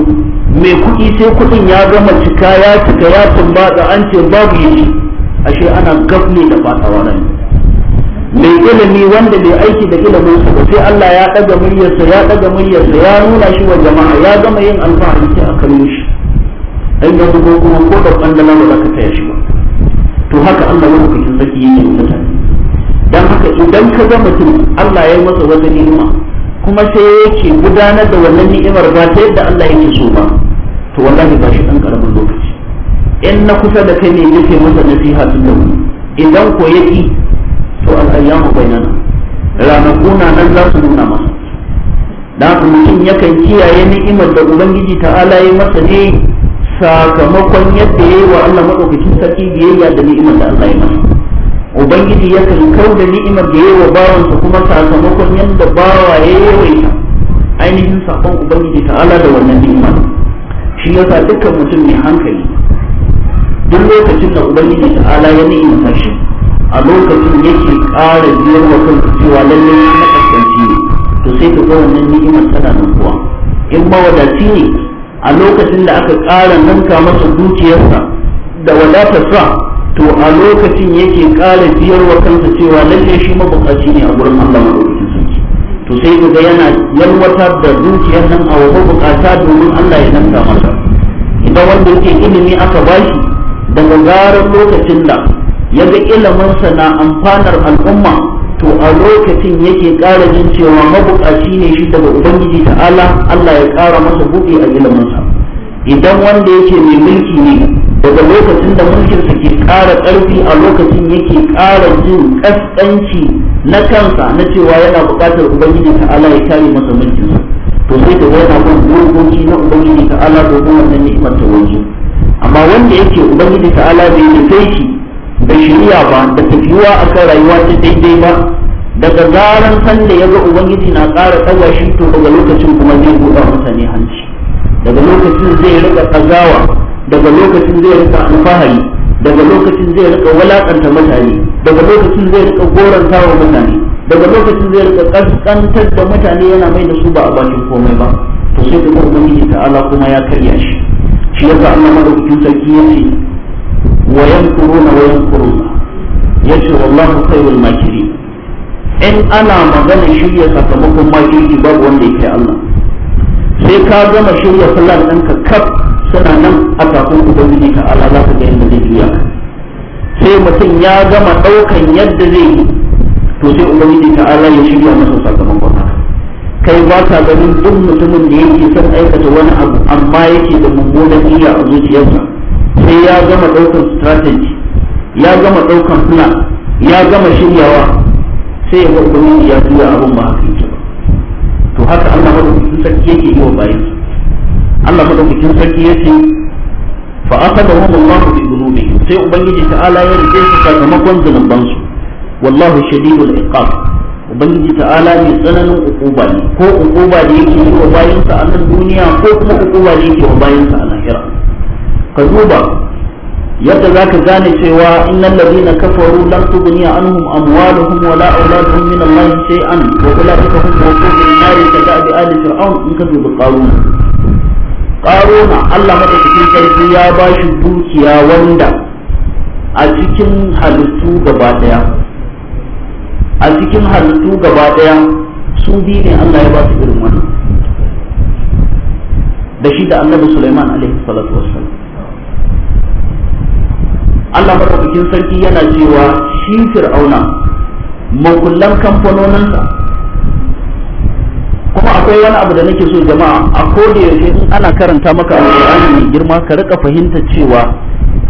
mai kuɗi sai kuɗin ya gama cika ya cika ya tumba da an ce babu yi ashe ana gafne da fatawa nan mai ilimi wanda bai aiki da ilimin sa sai Allah ya ɗaga muryarsa ya daga muryarsa ya nuna shi wa jama'a ya gama yin alfahari a kallo shi ai da kuma ko da kwandala ba ka taya shi ba to haka Allah ya kuka kin saki yake mutane dan haka idan ka ga mutum Allah ya yi masa wata ni'ima kuma sai yake gudanar da wannan ni'imar ba ta yadda Allah yake so ba to wallahi ba shi dan karamin lokaci in na kusa da kai ne yake masa nasiha tun da idan ko yaki to ayyamu bainana ranaku na nan za su nuna masa dan mutum yakan kiyaye ni'imar da ubangiji ta'ala ya masa ne sakamakon yadda ya yi wa Allah maɗaukaki sarki biyayya da ni'imar da Allah ya masa ubangiji ya kan kau da ni'imar da ya yi wa bawansa kuma sakamakon yadda bawa ya yi ita ainihin sakon ubangiji ta'ala da wannan ni'imar shi ya sa dukkan mutum mai hankali duk lokacin da ubangiji ta'ala ya ni'imta shi a lokacin yake ƙara biyar wa kansa cewa lallai na kasance ne to sai ka ga wannan ni'imar tana nan kuwa in mawadaci ne a lokacin da aka ƙara nanka masa dukiyarsa da wadatarsa to a lokacin yake ƙara biyar wa kansa cewa lalle shi mabukaci ne a gurin Allah madaukakin sarki to sai ga yana yalwatar da dukiyar nan a wata bukata domin Allah ya nanka masa idan wanda yake ilimi aka bashi daga zarar lokacin da ya ga iliminsa na amfanar al'umma to a lokacin yake ƙara jin cewa mabuƙaci ne shi daga ubangiji ta'ala Allah ya ƙara masa buɗe a iliminsa idan wanda yake mai mulki ne daga lokacin da mulkinsa ke ƙara ƙarfi a lokacin yake ƙara jin ƙasƙanci na kansa na cewa yana buƙatar ubangiji ta'ala ya kare masa mulkinsa to sai ka yana bin dokoki na ubangiji ta'ala domin wannan ni'imar ta waje amma wanda yake ubangiji ta'ala bai nufe shi da shirya ba da tafiya a kan rayuwa ta daidai ba daga zaran sanda ya ga ubangiji na ƙara tsawa shi to daga lokacin kuma zai buɗa mutane hanci daga lokacin zai rika tsagawa daga lokacin zai rika alfahari daga lokacin zai rika walakanta mutane daga lokacin zai rika goranta wa mutane daga lokacin zai rika kaskantar da mutane yana mai da su ba a bakin komai ba to sai da ubangiji ta'ala kuma ya karya shi shi yasa Allah madaukakin sarki ya ce ويذكرون ويذكرون wa الله خير wallahu إن أنا in ana magana shirya sakamakon باب babu wanda الله Allah sai ka gama shirya sallar ɗinka kaf suna nan a kafin ubangiji ka za ka sai mutum ya gama ɗaukan yadda zai yi to sai ubangiji ta ala ya shirya masa sakamakon kai ba ka ganin duk mutumin da yake son aikata wani abu amma yake da mummunan iya a zuciyarsa sai ya gama ɗaukan strategy ya gama ɗaukan plan ya gama shiryawa sai ya ga ubangiji ya tura abin ba haka yake ba to haka Allah madaukakin sarki yake yi wa bayan Allah madaukakin sarki yake fa akhadahum Allah bi dhunubihim sai ubangiji ta'ala ya rike su sakamakon su wallahu shadidul iqab ubangiji ta'ala ne tsananin ukuba ne ko ukuba da yake yi wa bayansa a nan duniya ko kuma ukuba da yake yi wa bayansa a lahira ka duba yadda za ka gane cewa innal ladina kafaru lam tughni anhum amwaluhum wala auladuhum min Allah shay'an wa ulaika hum mawqufun nar ka da'bi ali fir'aun in ka duba qarun qarun Allah cikin sarki ya ba shi dukiya wanda a cikin halittu gaba daya a cikin halittu gaba daya su biyu ne Allah ya ba su irin wannan da shi da annabi Sulaiman alaihi salatu wassalam Allah madaukakin sarki yana cewa shi fir'auna makullan kamfanoninsa kuma akwai wani abu da nake so jama'a a koda yaushe in ana karanta maka alƙur'ani mai girma ka rika fahimta cewa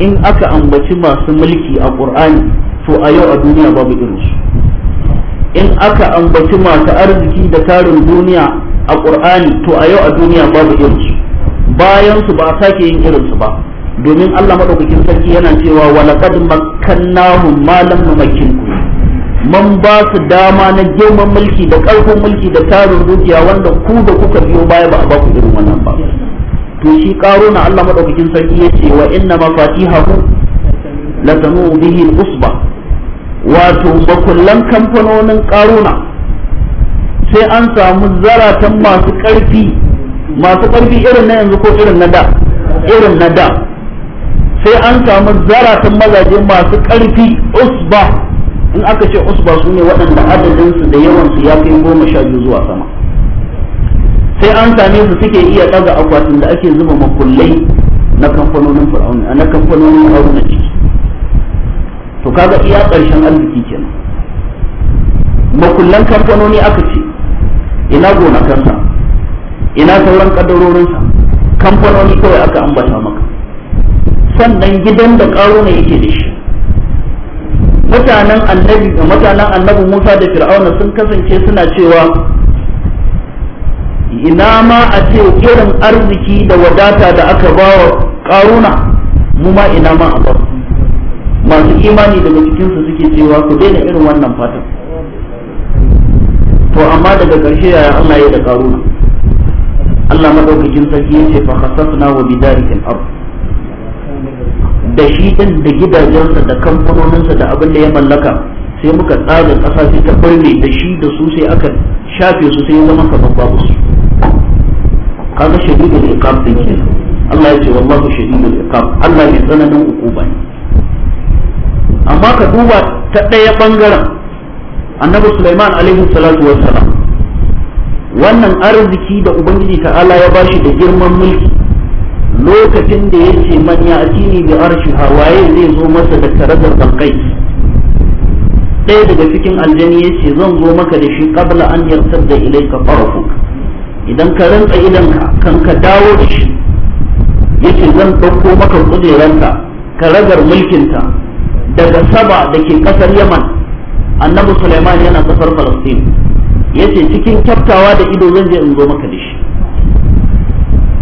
in aka ambaci masu mulki a ƙur'ani to a yau a duniya babu irinsu in aka ambaci masu arziki da tarin duniya a ƙur'ani to a yau a duniya babu irinsu bayan su ba sake yin irinsu ba domin Allah madaukakin sarki yana cewa walaƙad makkannahum malam mamakin ku. man ba su dama na girman mulki da ƙarfin mulki da tarin dukiya wanda ku da kuka biyo baya ba a ba ku irin wannan ba to shi karo na Allah madaukakin sarki ya ce wa inna mafatihahu la tanu bihi usba wato bakullan kamfanonin karuna sai an samu zaratan masu ƙarfi masu ƙarfi irin na yanzu ko irin na da irin na da sai an samu zaratan mazaje masu ƙarfi usba in aka ce usba su ne waɗanda adadinsu da yawansu ya kai goma sha biyu zuwa sama sai an same su suke iya ɗaga akwatin da ake zuba makullai na kamfanonin fir'auna na kamfanonin haruna ciki to kaga iya ƙarshen arziki kenan makullan kamfanoni aka ce ina gonakansa ina sauran kadarorinsa kamfanoni kawai aka ambata maka sannan gidan da ƙaruna yake da shi mutanen annabi da mutanen annabi musa da fir'auna sun kasance suna cewa ina ma a ce irin arziki da wadata da aka ba wa ƙaruna mu ma ina ma a bar masu imani daga cikinsu suke cewa ku daina irin wannan fatan to amma daga ƙarshe yaya Allah ya da ƙaruna Allah madaukakin sarki ya ce fa khasafna wa bidarikin ardh da shi din da gidajensa da kamfanoninsa da abin da ya mallaka sai muka tsaga ƙasa sai ta birne da shi da su sai aka shafe su sai zama kamar babu su kaga da ikam din ke Allah ya ce wallahu da ikam Allah ne tsananin hukuma ne amma ka duba ta ɗaya bangaren annabi Sulaiman alaihi salatu wassalam wannan arziki da ubangiji ta'ala ya bashi da girman mulki lokacin da ya ce man ya'tini bi arshi hawaye zai zo masa da karadar bankai ɗaya daga cikin aljani ya ce zan zo maka da shi qabla an yartadda ilayka tarafuk idan ka rantsa idan kan ka dawo da shi ya ce zan ɗauko maka kujeranka karagar mulkinta daga saba da ke ƙasar yaman annabi suleiman yana ƙasar falastin yace cikin kyaftawa da ido zan je in zo maka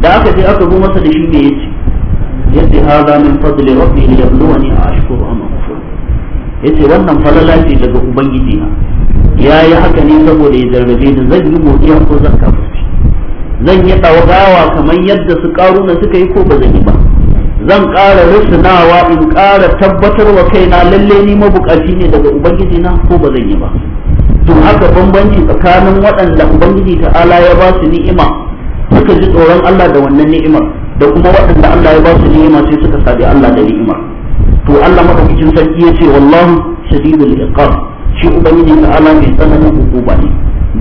da aka je aka zo masa da shi ne yace yace hada min fadli rabbi li yabluwani ashkuru am akfur yace wannan falala ce daga ubangiji na yayi haka ne saboda ya jarrabe ni zan yi godiya ko zan shi. zan yi dawagawa kamar yadda su karuna suka yi ko ba zan yi ba zan ƙara rusunawa in ƙara tabbatar wa kaina lalle ni mabukaci ne daga ubangiji na ko ba zan yi ba to haka bambanci tsakanin waɗanda ubangiji ta'ala ya ba su ni'ima suka ji tsoron Allah da wannan ni'imar da kuma waɗanda Allah ya ba su ni'ima sai suka sabi Allah da ni'imar to Allah madaukakin sarki ya ce wallahu shadidul iqab shi ubangiji ta ala mai tsananin hukuma ne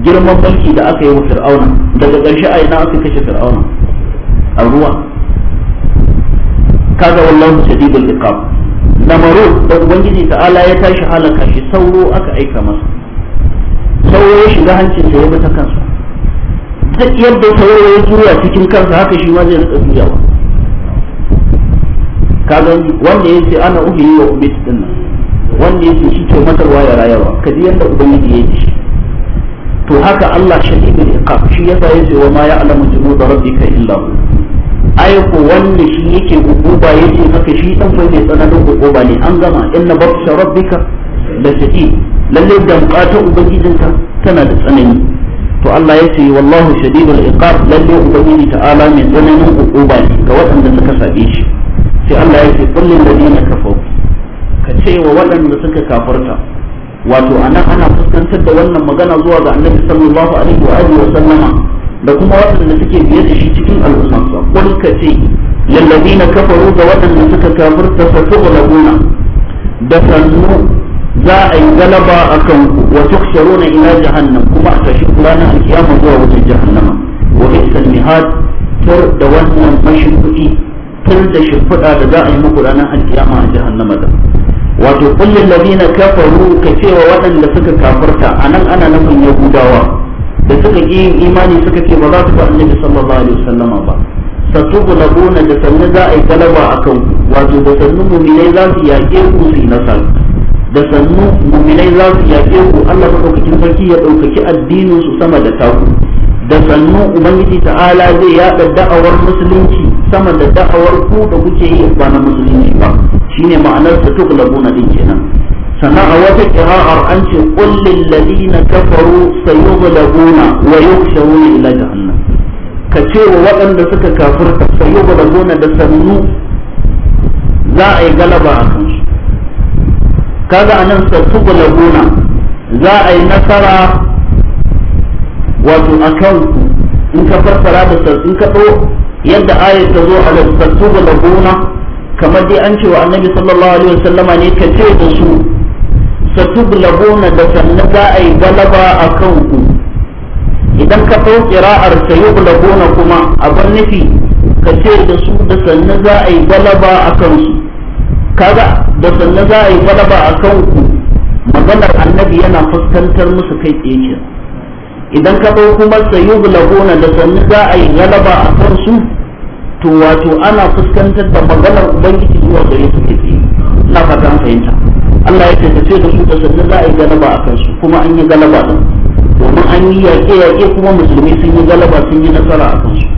girman banki da aka yi wa fir'auna daga ƙarshe a ina aka kashe fir'auna a ruwa kaga wallahu shadidul iqab namaro da ubangiji ta'ala ya tashi halaka shi sauro aka aika masa sauro ya shiga hancinsa ya bi ta kansa ta yadda sauro ya juya cikin kansa haka shi ma zai rika juyawa kaga wanda ya ce ana uhi wa ubit din wanda ya ce shi ke matarwa ya rayawa kaji yadda ubangiji ya ce to haka Allah shadidul iqab shi yasa ya ce wa ma ya'lamu junuda rabbika illa hu aiko wanda shi yake ya ce haka shi dan fa mai tsananin hukuma ne an gama inna babsha rabbika la shadid lalle dan ubangijinka tana da tsanani to Allah ya ce wallahu shadidul iqab lalle ubangiji ta'ala mai tsananin hukuma ne ga waɗanda suka sabe shi sai Allah ya ce kullu ladina kafaru ka ce wa waɗanda suka kafarta wato anan ana fuskantar da wannan magana zuwa ga Annabi sallallahu alaihi wa alihi wa sallama da kuma waɗanda suke biye da shi cikin al'ummarsa kul ka ce lil ladina kafaru ga waɗanda suka kafarta fa tughlabuna da sannu za a yi galaba a kan wasu wa na ina jihannan kuma a tashi ranar alkiyama zuwa wajen jahannama wa isan nihad tur da wannan mashimfudi tun da shimfiɗa da za a yi muku ranar alkiyama a jahannama da wato kullum ladina kafaru ka cewa waɗanda suka kafarta nan ana nufin yahudawa da suka ƙi yin imani suka ce ba za su ba annabi sallallahu alaihi wasallama ba satughlabuna da sannu za a yi galaba a kan wato da sannu mu'minai za su yaƙe ku su yi nasara da sannu muminai za su yaƙe ku Allah ɗaukakin sarki ya ɗaukaki addinin su sama da taku da sannu ubangiji ta'ala zai yaɗa da'awar musulunci sama da da'awar ku da kuke yi ba na musulunci ba shine ma'anar ta tuklabuna din kenan sannan a wata kira'ar an ce kullin ladina kafaru sayughlabuna wa yukhshawuna ila jahannam ka ce wa waɗanda suka kafirta sayughlabuna da sannu za a yi galaba a kansu kaga anan satughlabuna za a yi nasara wato a ku in ka farfara da sassun kaɗo, yadda ayat ta zo a satughlabuna kamar dai an cewa annabi sallallahu alaihi wasallama ne ka ce da su sattu satughlabuna da sannan za a yi galaba akan ku idan ka ɗau ƙira'ar sayughlabuna kuma abin nufi ka ce da su da sannan za a yi galaba akan su kaga da sannan za a yi galaba a kan ku maganar annabi yana fuskantar musu kai tsaye idan ka ɗau kuma sayu gona da sannan za a yi galaba a kan su to wato ana fuskantar da maganar ubangiji zuwa gare su ke tsaye na an fahimta Allah ya ce da su da sannan za a yi galaba a kan su kuma an yi galaba din domin an yi yaƙe-yaƙe kuma musulmi sun yi galaba sun yi nasara a kansu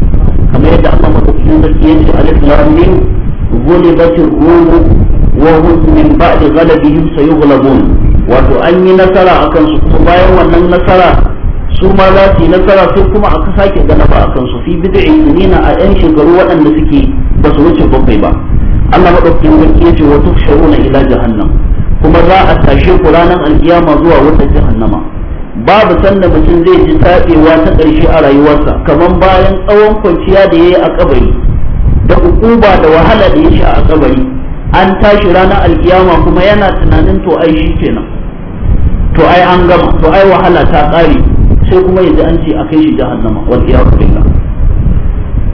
kamar yadda Allah madaukakin sarki ya ce alif lam mim غلبت الروم wa hum min ba'di ghalabihim sayughlabun wato an yi nasara akan su kuma bayan wannan nasara su ma za su yi nasara su kuma aka sake galaba akan su fi bid'in sunina a yan shekaru waɗanda suke ba su wuce babbai ba Allah madaukakin sarki yace wa tuhsharuna ila jahannam kuma za a tashe ku ranar alkiyama zuwa wata jahannama babu sanda mutum zai ji tabewa ta ƙarshe a rayuwarsa kamar bayan tsawon kwanciya da yayi a kabari da ukuba da wahala da ya sha a kabari an tashi ranar alkiyama kuma yana tunanin to ai shi kenan to ai an gama to ai wahala ta ƙare sai kuma yanzu an ce a kai shi jahannama wal iyadu na.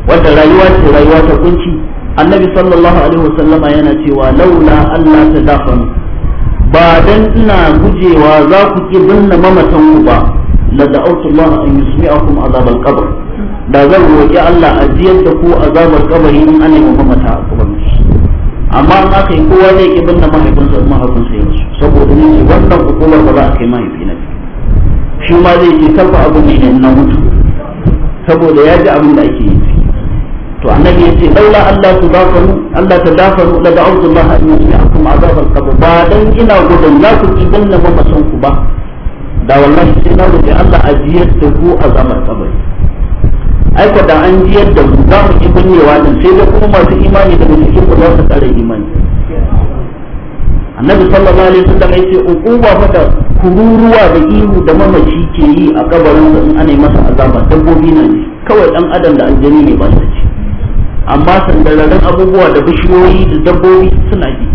wanda rayuwa ce rayuwa ta kunci annabi sallallahu alaihi wasallama yana cewa laula Allah ta dafanu ba dan ina gujewa za ku ki binne mamatan ku ba la da'awtu Allah an yusmi'akum azab al-qabr da zan roki Allah ajiyar da ku azabar kabari in an yi mamata ku amma in aka yi kowa zai ki binne mahaifinsa in mahaifinsa ya yanzu saboda ne ce wannan hukumar ba za a kai mahaifi na shi ma zai ce kafa abin ne na mutu saboda ya ji abin da ake yi to annabi ya ce laula Allah ta dafaru Allah ta dafaru la da'udhu Allah an ya azab azabar qabr ba dan ina gudun za ku ki binne mamasan ku ba da wallahi sai na ce Allah ajiyar da ku azabar kabari Aiko da an ji yadda mu za mu ji kunyewa din sai da kuma masu imani da cikin ku za su tsare imani annabi sallallahu alaihi wasallam yace uquba fata kururuwa da ihu da mamaci ke yi a kabarin da in ana masa azaba dabbobi na ne kawai dan adam da aljani ne ba su ci amma sandararren abubuwa da bishiyoyi da dabbobi suna ji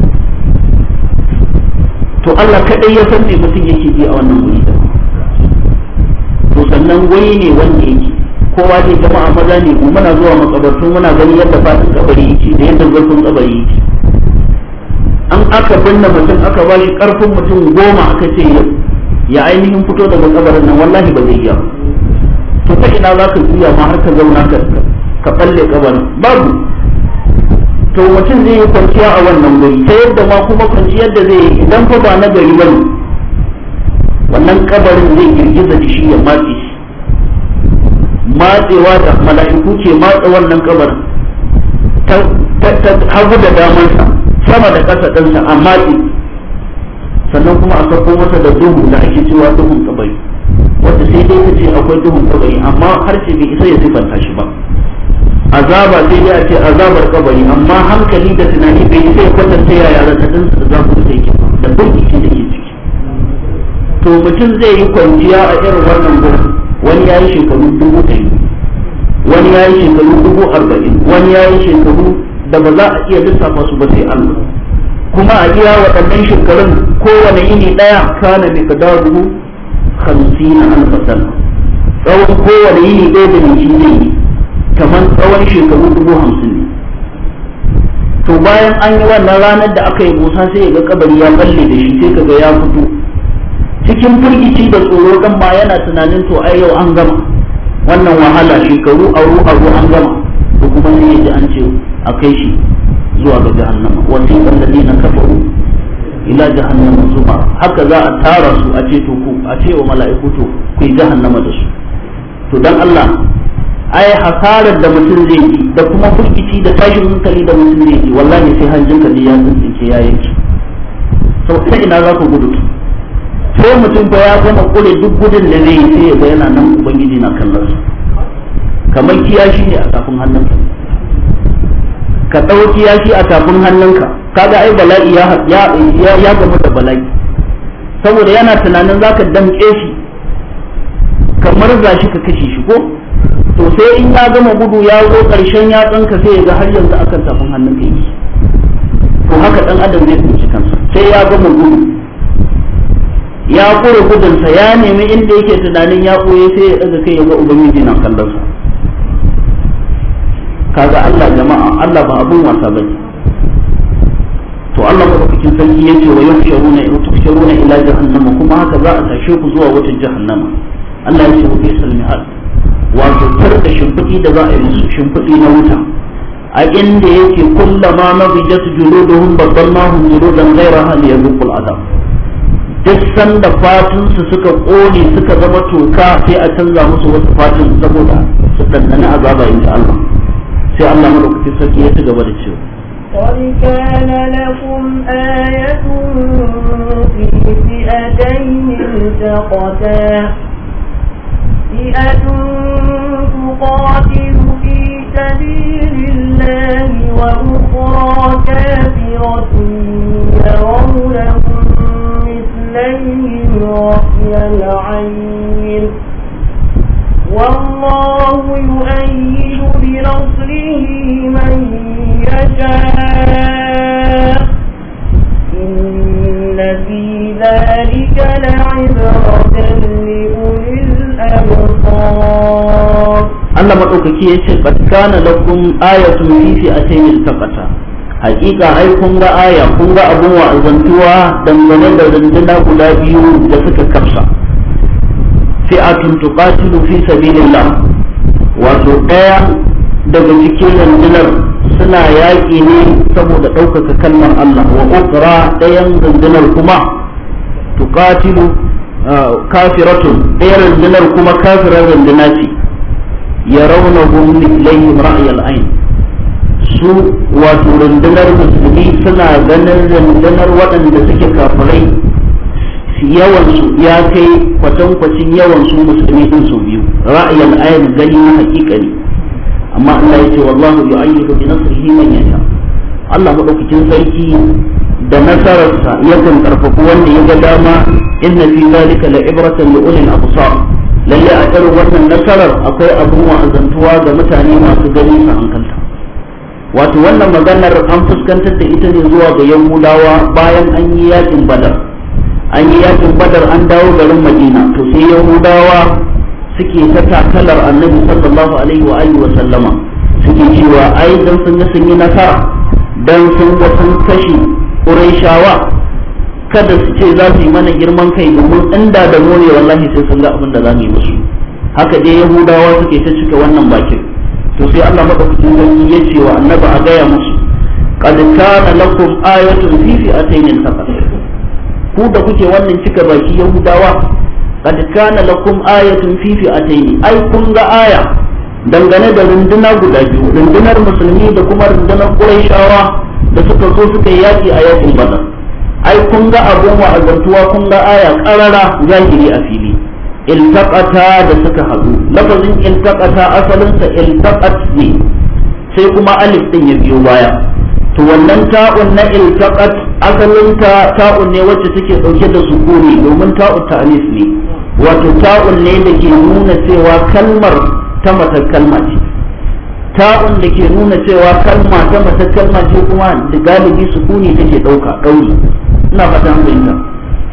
to Allah kadai ya san me mutum yake ji a wannan wuri da to sannan wai ne wanda yake kowa zai a maza ne mu muna zuwa makabartun muna gani yadda fatan kabari yake da yadda zurfin kabari yake an aka binne mutum aka ba shi karfin mutum goma aka ce ya ainihin fito daga kabarin nan wallahi ba zai ba. to ta ina za ka juya ma har ka zauna ka ka balle kabarin babu to mutum zai yi kwanciya a wannan gari ta yadda ma kuma kwanciyar da zai yi idan fa ba na gari bane wannan kabarin zai girgiza da shi ya matse matsewa da mala'iku ke matsa wannan kabar ta hagu da damansa sama da ƙasa ɗansa a matse sannan kuma a sauko masa da duhu da ake cewa duhun kabari wanda sai dai kace akwai duhun kabari amma harshe bai isa ya sifanta shi ba azaba sai dai a ce azabar kabari amma hankali da tunani bai isa ya kwatanta yaya rasadin da za ku sai da burkici da ke ciki to mutum zai yi kwanciya a irin wannan gurin wani ya yi shekaru dubu ɗari wani ya yi shekaru dubu arba'in wani ya yi shekaru da ba za a iya lissafa su ba sai Allah kuma a iya waɗannan shekarun kowane ini ɗaya kana mai kadaru hamsin alfasan tsawon kowane yini ɗaya da mai ne kamar tsawon shekaru dubu hamsin ne to bayan an yi wannan ranar da aka yi musa sai ya ga kabari ya balle da shi sai kaga ya fito cikin firgici da tsoro dan ba yana tunanin to ai yau an gama wannan wahala shekaru aru aru an gama to kuma ne yaji an ce a kai shi zuwa ga jahannama wasu alladina kafaru ila jahannama zuma haka za a tara su a ce to ku a ce wa mala'iku to ku yi jahannama da su to dan Allah ai hasarar da mutum zai yi da kuma firgici da tashin hankali da mutum zai yi wallahi sai hanjin ne ya tsinke ya yanki sau ina za ku gudu mutum ba ya gama kure duk gudun da zai yi sai ya bayyana yana nan ubangiji na kallon su kamar kiyashi ne a kafin hannunka ka ɗau kiyashi a kafin hannunka kaga ai bala'i ya ya ya gama da bala'i saboda yana tunanin zaka damƙe shi kamar za shi ka kashe shi ko to sai in ya gama gudu ya zo ƙarshen tsanka sai ya ga har yanzu akan kafin hannunka yake to haka ɗan adam zai tsinci kansa sai ya gama gudu ya kure gudunsa ya nemi inda yake tunanin ya koye sai ya daga kai ya ga ubangiji na kallon sa kaga Allah jama'a Allah ba abun wasa bane to Allah madaukakin sarki yake wa yuhsharuna in tuhsharuna ila jahannama kuma haka za a tashe ku zuwa wata jahannama Allah yake wa bisal mihad wato tarka shimfidi da za a yi musu shimfiɗi na wuta a inda yake kullama mabijat juluduhum baddalnahum juludan ghayraha liyazuqul adab duk sanda fatunsu suka ƙone suka zama toka sai a canza musu wasu fatun saboda su ɗanɗana azaba insha Allah sai Allah madaukaki sarki ya ci gaba da cewa قد كان لكم آية في فئتين التقتا فئة تقاتل في سبيل الله وأخرى كافرة يرونهم الليل وحي العين والله يؤيد بنصره من يشاء إن في ذلك لعبرة لأولي الأبصار. الله مرقك كي شيخ بس كان لكم آية في في أتين التقطة. hakika ai kun ga aya kun ga abun wa'azantuwa dangane da rundunar guda biyu da suka kafsa atun tuqatilu fi sabilillah wato daya daga cikin rundunar suna yaƙi ne saboda ɗaukaka kalmar Allah wa ukra ɗayan rundunar kuma tuqatilu kafiratun ɗaya rundunar kuma kafirar runduna ce yarawna hum mithlayhim ra'yal ayn su wato rundunar musulmi suna ganin rundunar waɗanda suke kafirai yawansu ya kai kwatankwacin yawansu musulmi din sau biyu ra'ayin ayar gani na hakika amma Allah ya ce wallahu yu'ayyidu bi nasrihi man yasha Allah madaukakin sarki da nasararsa yakan karfafa wanda ya ga dama inna fi zalika la ibratan li ulil absar lalle a wannan nasarar akwai abun wa'azantuwa ga mutane masu ganin su hankalta wato wannan maganar an fuskantar da ita ne zuwa ga yahudawa bayan an yi yakin badar an yi yakin badar an dawo garin madina to sai yahudawa suke ta takalar annabi sallallahu alaihi wa alihi wa sallama suke cewa ai dan sun ga sun yi nasara dan sun ga sun kashi quraishawa kada su ce za su yi mana girman kai domin inda da mu wallahi sai sun ga abin da za mu yi musu haka dai yahudawa suke ta cika wannan bakin to sai Allah madaukakin sarki ya ce wa annabi a gaya musu qad kana lakum ayatun fi fi'atayn al ku da kuke wannan cika baki yahudawa qad kana lakum ayatun fi fi'atayn ai kun ga aya dangane da runduna guda biyu rundunar musulmi da kuma rundunar quraishawa da suka zo suka yi yaki a yakin badar ai kun ga abun wa'azantuwa kun ga aya karara zahiri a fili iltaqata da suka haɗu lafazin iltaqata asalinsa iltaqat ne sai kuma alif din ya biyo baya to wannan ta'un na iltaqat ta ta'un ne wacce take dauke da sukuni domin ta'un ta'anis ne wato ta'un ne da ke nuna cewa kalmar ta mata kalma ce ta'un da ke nuna cewa kalma ta mata kalma ce kuma da galibi sukuni take dauka dauri ina fatan bayyana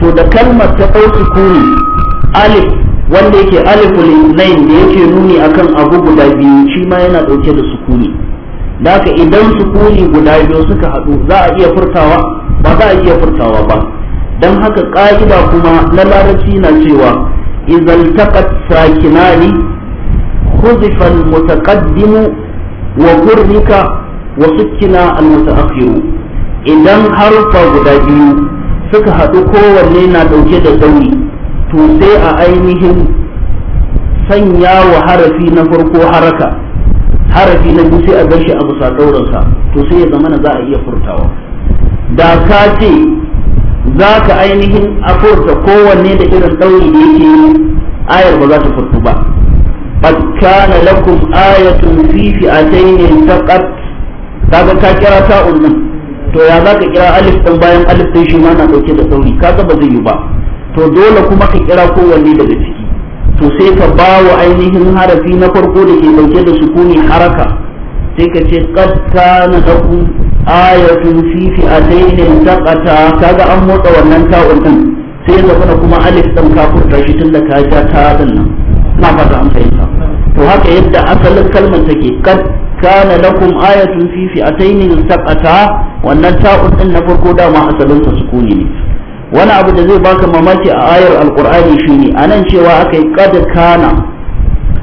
to da kalmar ta dauki sukuni alif wanda yake aliful lain da yake nuni akan abu guda biyu shi ma yana dauke da sukuni da haka idan sukuni guda biyu suka haɗu za a iya furtawa ba za a iya furtawa ba don haka ƙa'ida kuma na larabci na cewa idan taqat sakinani huzifa al-mutaqaddimu wa hurrika wa sukkina al-mutaakhiru idan harfa guda biyu suka haɗu kowanne na ɗauke da dauri to sai a ainihin sanya wa harafi na farko haraka harafi na biyu sai a bar shi a bisa daurinsa to sai ya zama na za a iya furtawa da ka ce za ka ainihin a furta kowanne da irin ɗauri da yake ayar ba za ta furtu ba قد كان لكم آية في فئتين التقت daga ka kira ta'un nan to ya za ka kira alif ɗin bayan alif ɗin shi ma na ɗauke da sauri kaga ba zai yi ba to dole kuma ka kira kowanne daga ciki to sai ka ba wa ainihin harafi na farko da ke dauke da sukuni haraka sai ka ce qad na lakum ayatun fifi fi fi'atayn taqata kaga an motsa wannan ta'un din sai ya zama kuma alif din ka furta shi tun da ka ja ta din nan na fata an fahimta to haka yadda asalin kalmar take qad kana lakum ayatun fifi a fi'atayn taqata wannan ta'un din na farko dama asalin ta sukuni ne wani abu da zai baka mamaki a ayar alkur'ani shine anan cewa aka yi kad kana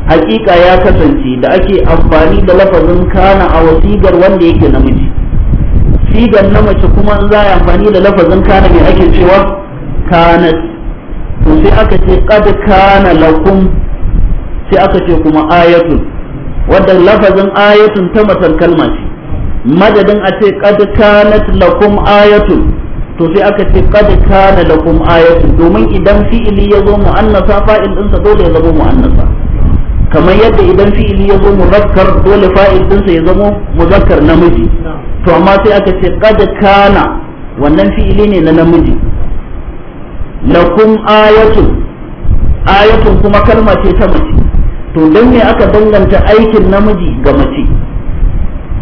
hakika ya kasance da ake amfani da lafazin kana a wasigar wanda yake namiji sigar na mace kuma za a amfani da lafazin kana mai ake cewa kana to sai aka ce kad kana lakum sai aka ce kuma ayatun wadda lafazin ayatun ta matar kalma ce madadin a ce kad kanat lakum ayatun to sai aka ce qad kana lakum ayatun domin idan fi'ili ya zo mu'annasa fa'il din sa dole ya zama mu'annasa kamar yadda idan fi'ili ya zo muzakkar dole fa'il din sa ya zama muzakkar namiji to amma sai aka ce qad kana wannan fi'ili ne na namiji lakum ayatun ayatun kuma kalma ce ta mace to dan me aka danganta aikin namiji ga mace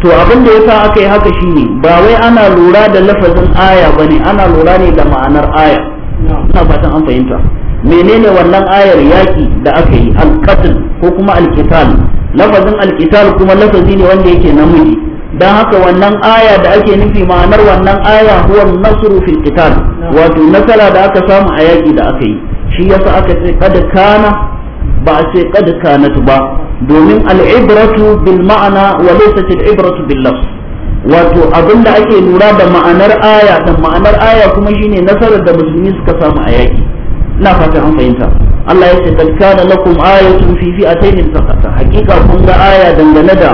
to abin da yasa aka yi haka shine ba wai ana lura da lafazin aya bane ana lura ne da ma'anar aya ina fatan an fahimta menene wannan ayar yaki da aka yi alqatl ko kuma alqital lafazin alqital kuma lafazi ne wanda yake namiji dan haka wannan aya da ake nufi ma'anar wannan aya huwa nasru fil qital wato nasara da aka samu a yaki da aka yi shi yasa aka ce kada kana ba a ce kanat ba domin al'ibratu bil ma'ana wa laysat al'ibratu bil lafz wato abinda ake lura da ma'anar aya da ma'anar aya kuma shine nasarar da musulmi suka samu a yaki ina fatan an fahimta Allah ya ce kad kana lakum ayatun fi fi'atayn faqata hakika kun ga aya dangane da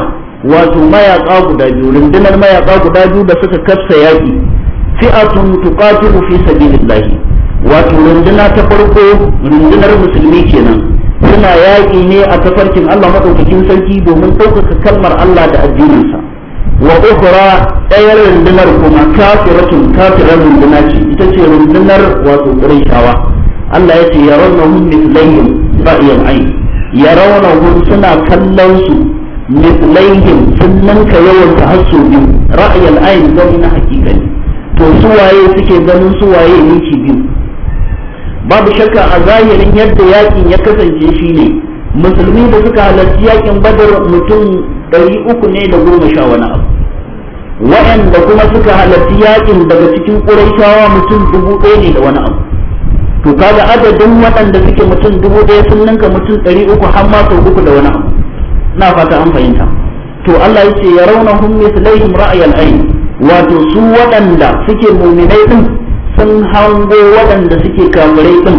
wato mayaka guda biyu rundunar mayaka guda biyu da suka kafsa yaki fi'atun tuqatilu fi sabilillah wato runduna ta farko rundunar musulmi kenan suna yaƙi ne a tafarkin Allah maɗaukakin sarki domin ɗaukaka kalmar Allah da addininsa wa ukhra ɗayar rundunar kuma kafiratun kafirar runduna ce ita ce rundunar wato ƙurayshawa Allah ya ce yarawnahum ayi ra'yan ayn yarawnahum suna kallon su mithlayhim sun ninka yawan ta har biyu ra'yan ayn zama na hakika to suwaye suke ganin suwaye ne biyu babu shakka a zahirin yadda yakin ya kasance shi ne musulmi da suka halarci yakin badar mutum ɗari uku ne da goma sha wani abu waɗanda kuma suka halarci yakin daga cikin shawa mutum dubu ɗaya ne da wani abu to kaga adadin waɗanda suke mutum dubu ɗaya sun ninka mutum ɗari uku har ma sau uku da wani abu na fata an fahimta to Allah ya ce ya raunahum mislaihim ra'ayal ayn wato su waɗanda suke muminai din sun hango waɗanda suke kamurai ɗin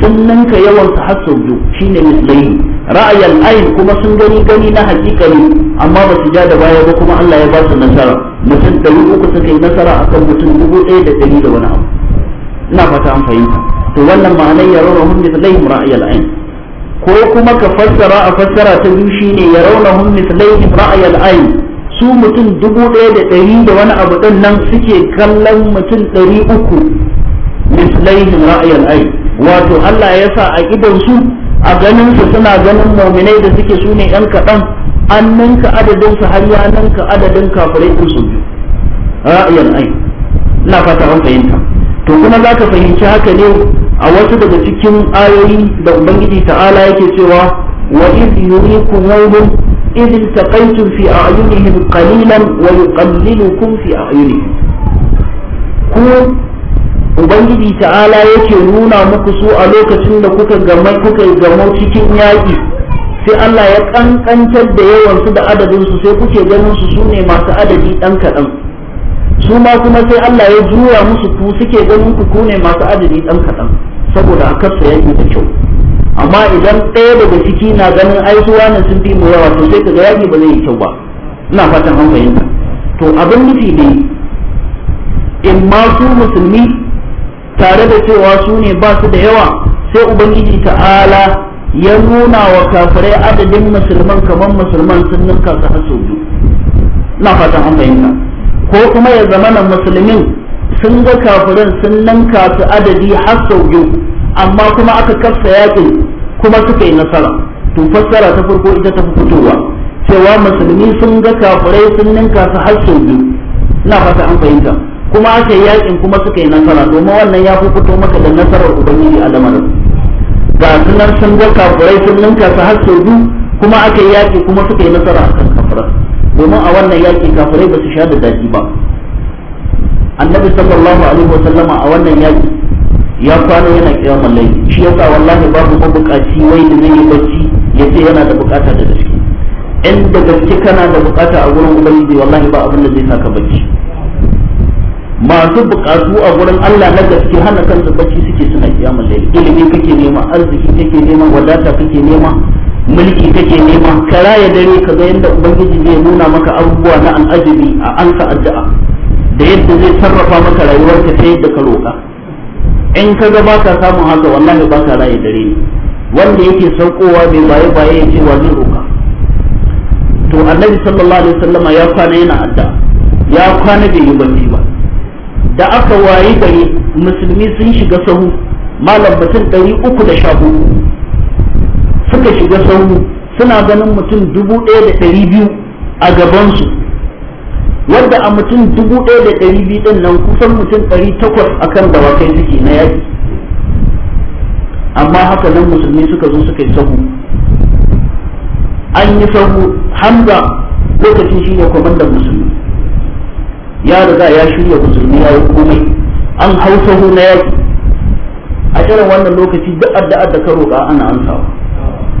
sun ninka yawansu har sau biyu ne mislayi ra'ayin ayin kuma sun gani gani na hakikani amma ba su ja da baya ba kuma Allah ya ba su nasara mutum ɗari uku suka yi nasara a kan mutum dubu ɗaya da ɗari da wani abu ina fata an fahimta to wannan ma'anar ya rauna hun mislaihim ra'ayin ayin ko kuma ka fassara a fassara ta biyu shi ne ya rauna hun mislaihim ra'ayin ayin su mutum dubu ɗaya da ɗari da wani abu ɗin nan suke kallon mutum ɗari uku mislaihim ra'ayin ai wato Allah ya sa a su a ganin su suna ganin muminai da suke su ne ɗan kaɗan an ninka adadin su har ya ninka adadin kafirai ɗin su biyu ra'ayin ai ina fata ran fahimta to kuma za ka fahimci haka ne a wasu daga cikin ayoyi da ubangiji ta'ala yake cewa wa iz yurikum إذ التقيتم في أعينهم قليلا ويقللكم في أعينهم كون ubangiji ta'ala yake nuna muku su a lokacin da kuka gama kuka gamo cikin yaƙi sai Allah ya ƙanƙantar da yawan su da adadin su sai kuke ganin su su ne masu adadi dan kaɗan su ma kuma sai Allah ya juya musu ku suke ganin ku ku ne masu adadi dan kaɗan saboda a kasa yaƙi da kyau amma idan ɗaya daga ciki na ganin ai su ranar sun fi mu yawa to sai kaga yaki ba zai yi kyau ba ina fatan an fahimta to abin nufi ne in ma su musulmi tare da cewa su ne ba su da yawa sai ubangiji ta'ala ya nuna wa kafirai adadin musulman kamar musulman sun ninka su har sau biyu ina fatan an fahimta ko kuma ya zamana musulmin sun ga kafirin sun ninka su adadi har sau biyu amma kuma aka kafsa yakin kuma suka yi nasara to fassara ta farko ita ta fitowa cewa musulmi sun ga kafirai sun ninka su har sau biyu ina fata an fahimta kuma aka yi yakin kuma suka yi nasara domin wannan ya fi fito maka da nasarar ubangiji a lamarin ga sunan sun ga kafirai sun ninka su har sau biyu kuma aka yi yaki kuma suka yi nasara a kan kafirai domin a wannan yaki kafirai ba su sha da daji ba annabi sallallahu alaihi wa sallama a wannan yaki ya kwana yana kira mallai shi yasa wallahi babu mabukaci wai da zai yi bacci ya yana da bukata da gaske in da gaske kana da bukata a gurin ubangiji wallahi ba abin da zai saka bacci masu bukatu a gurin Allah na gaske hana kansu bacci suke suna kira mallai ilimi kake nema arziki kake nema wadata kake nema mulki kake nema kara ya dare ka ga yanda ubangiji zai nuna maka abubuwa na al'ajabi a ansa addu'a da yadda zai sarrafa maka rayuwarka ta yadda ka roƙa in ka ga ba ka samun haka wallahi ba ka raye dare ne wanda yake saukowa mai baye baye ya ce wa zai roka to annabi sallallahu alaihi wasallama ya kwana yana adda ya kwana bai yi bacci ba da aka wayi gari musulmi sun shiga sahu malam mutum ɗari uku da sha hudu suka shiga sahu suna ganin mutum dubu ɗaya da ɗari biyu a gabansu wanda a mutum dubu ɗaya da ɗari biyu ɗin nan kusan mutum ɗari takwas a kan dawakai suke na yaƙi amma haka nan musulmi suka zo suka yi sahu an yi sahu hamza lokacin shi ne kwamandan musulmi ya riga ya shirya musulmi ya yi komai an hau sahu na yaƙi a irin wannan lokaci duk addu'ar da ka roƙa ana ansawa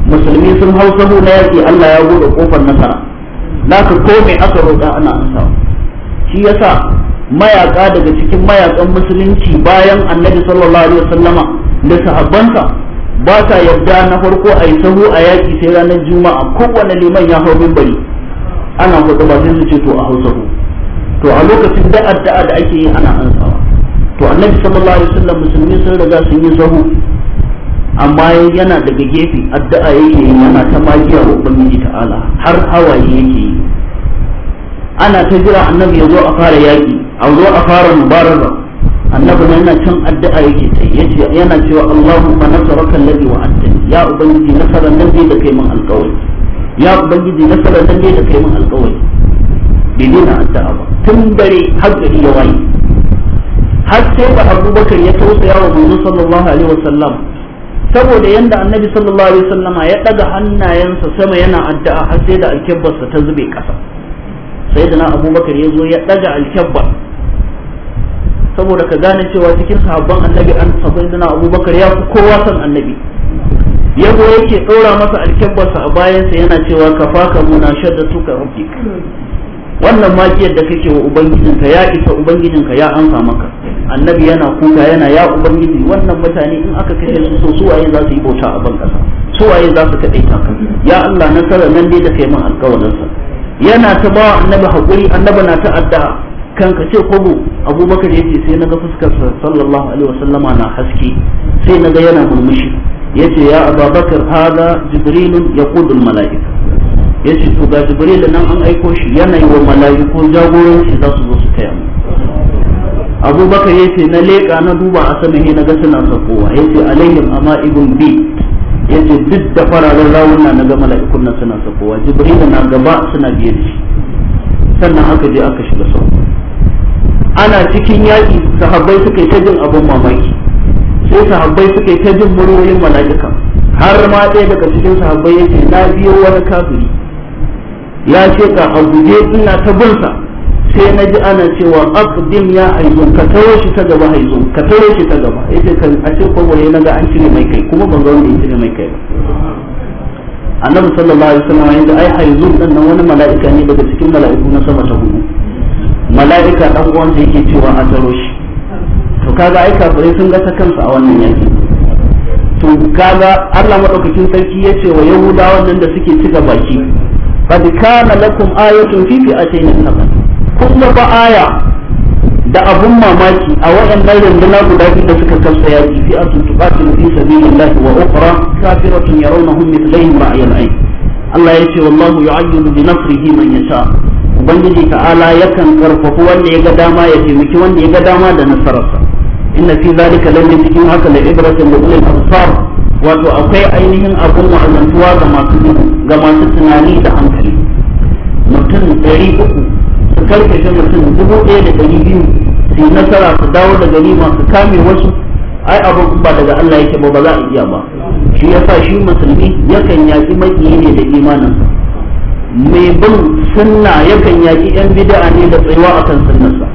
musulmi sun hau sahu na yaƙi allah ya buɗe ƙofar nasara naka ko me aka roƙa ana ansa. shi yasa mayaka daga cikin mayakan musulunci bayan annabi sallallahu alaihi wasallama da sahabbansa ba sa yarda na farko a yi sahu a yaƙi sai ranar juma'a kowane liman ya hau bari. ana hudu ba sai su ce to a hau sahu to a lokacin daa da'a da ake yi ana ansawa to annabi sallallahu alaihi wasallam musulmi sun riga sun yi sahu amma yana daga gefe addu'a yake yi yana ta magiya wa ubangiji ta'ala har hawaye yake yi ana ta jira annabi ya zo a fara yaƙi a zo a fara mubaraka annabi na yana can addu'a yake ta yace yana cewa Allahumma nasaraka alladhi wa'adtani ya ubangiji nasaran nan dai da kai min alƙawari ya ubangiji nasaran nan dai da kai min alƙawari bai daina addu'a ba tun dare har gari ya waye har sai ba abubakar ya tausaya wa manzo sallallahu alaihi wasallam saboda yanda annabi sallallahu alaihi wasallama ya daga hannayensa sama yana addu'a har sai da alkebbarsa ta zube ƙasa sai da na abubakar ya zo ya daga alkebbar saboda ka gane cewa cikin sahabban annabi an sabai da na abubakar ya fi kowa san annabi yago yake ɗora masa alkebbarsa a bayansa yana cewa ka faka muna shadda suka rabbik wannan makiyar da kake wa ubangijinka ya isa ubangijinka ya amsa maka annabi yana kuka yana ya ubangiji wannan mutane in aka kashe su to su waye za su yi bauta a ban kasa su waye za su kaɗai ta ya Allah nasara nan dai da kai min alƙawarinsa yana ta ba annabi haƙuri annabi na ta addu'a kan ka ce kwabo abubakar ya ce sai naga fuskarsa sallallahu alaihi wasallama na haske sai ga yana murmushi ya ce ya ababakar hada jibrilun ya kudul mala'ika ya ce to ga jibril nan an aiko shi yana yi wa mala'iku jagoranci za su zo su kai. mu abubakar ya ce na leƙa na duba a sama na ga suna saukowa ya ce alayhim amma ibn bi ya ce duk da fararen rawuna na ga mala'ikun nan suna saukowa jibril na gaba suna biye da shi sannan aka je aka shiga sau ana cikin yaƙi sahabbai suka yi ta jin abin mamaki sai sahabbai suka yi ta jin mala'ika har ma ɗaya daga cikin sahabbai ya ce na biyo wani kafiri ya ce ka a guje ina ta bulsa sai na ji ana cewa aqdim ya haizu ka tawo shi ta gaba haizu ka tawo shi ta gaba yake kan a ce ko na naga an cire mai kai kuma ban ga wanda cire mai kai ba annabi sallallahu alaihi wasallam yace ai haizun dan nan wani mala'ika ne daga cikin mala'iku na sama ta hudu mala'ika dan uwan da yake cewa a taro shi to kaga ai kafirai sun ga ta kansu a wannan yanki to kaga Allah madaukakin sarki ce wa yahudawan nan da suke cika baki fa kana lakum ayatun fi fi'atayn nabat kun ba aya da abun mamaki a waɗannan runduna guda biyu da suka kasa yaki fi asu tuqatil fi sabilillahi wa ukhra kafiratun yarawnahum ba a ayn Allah yace wallahu yu'ayyidu bi nasrihi man yasha ubangiji ta'ala yakan karfafa wanda ya ga dama ya taimaki wanda ya ga dama da nasararsa inna fi zalika lalle cikin haka la ibratan lil ulil absar wato akwai ainihin abun wa'azantuwa ga masu ga masu tunani da hankali mutum 300 su mutum dubu ɗaya da ɗari biyu su yi nasara su dawo da gari masu kame wasu ai abin ba daga Allah yake ba ba za a iya ba shi ya sa shi musulmi yakan yaƙi maƙiyi ne da imanin mai bin sunna yakan yaƙi yan bida'a ne da tsayuwa akan sunnarsa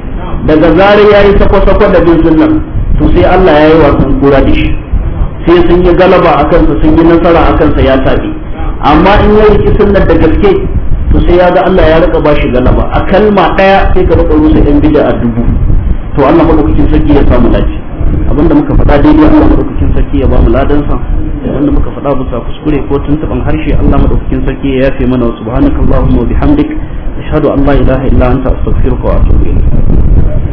daga zarar ya yi sako-sako da bin sunnar to sai Allah ya yi wasan kura da shi sai sun yi galaba a kansa sun yi nasara a kansa ya tafi amma in ya riki sunnar da gaske sai ya ga Allah ya rika ba shi galaba a kalma daya sai ka rika rusa yan bid'a a dubu to Allah madaukakin sarki ya samu lafi abinda muka faɗa daidai Allah madaukakin sarki ya ba mu ladan sa abinda muka faɗa bisa kuskure ko tuntuban harshe Allah madaukakin sarki ya yafe mana subhanakallahumma wa bihamdik ashhadu an la ilaha illa anta astaghfiruka wa atubu ilayk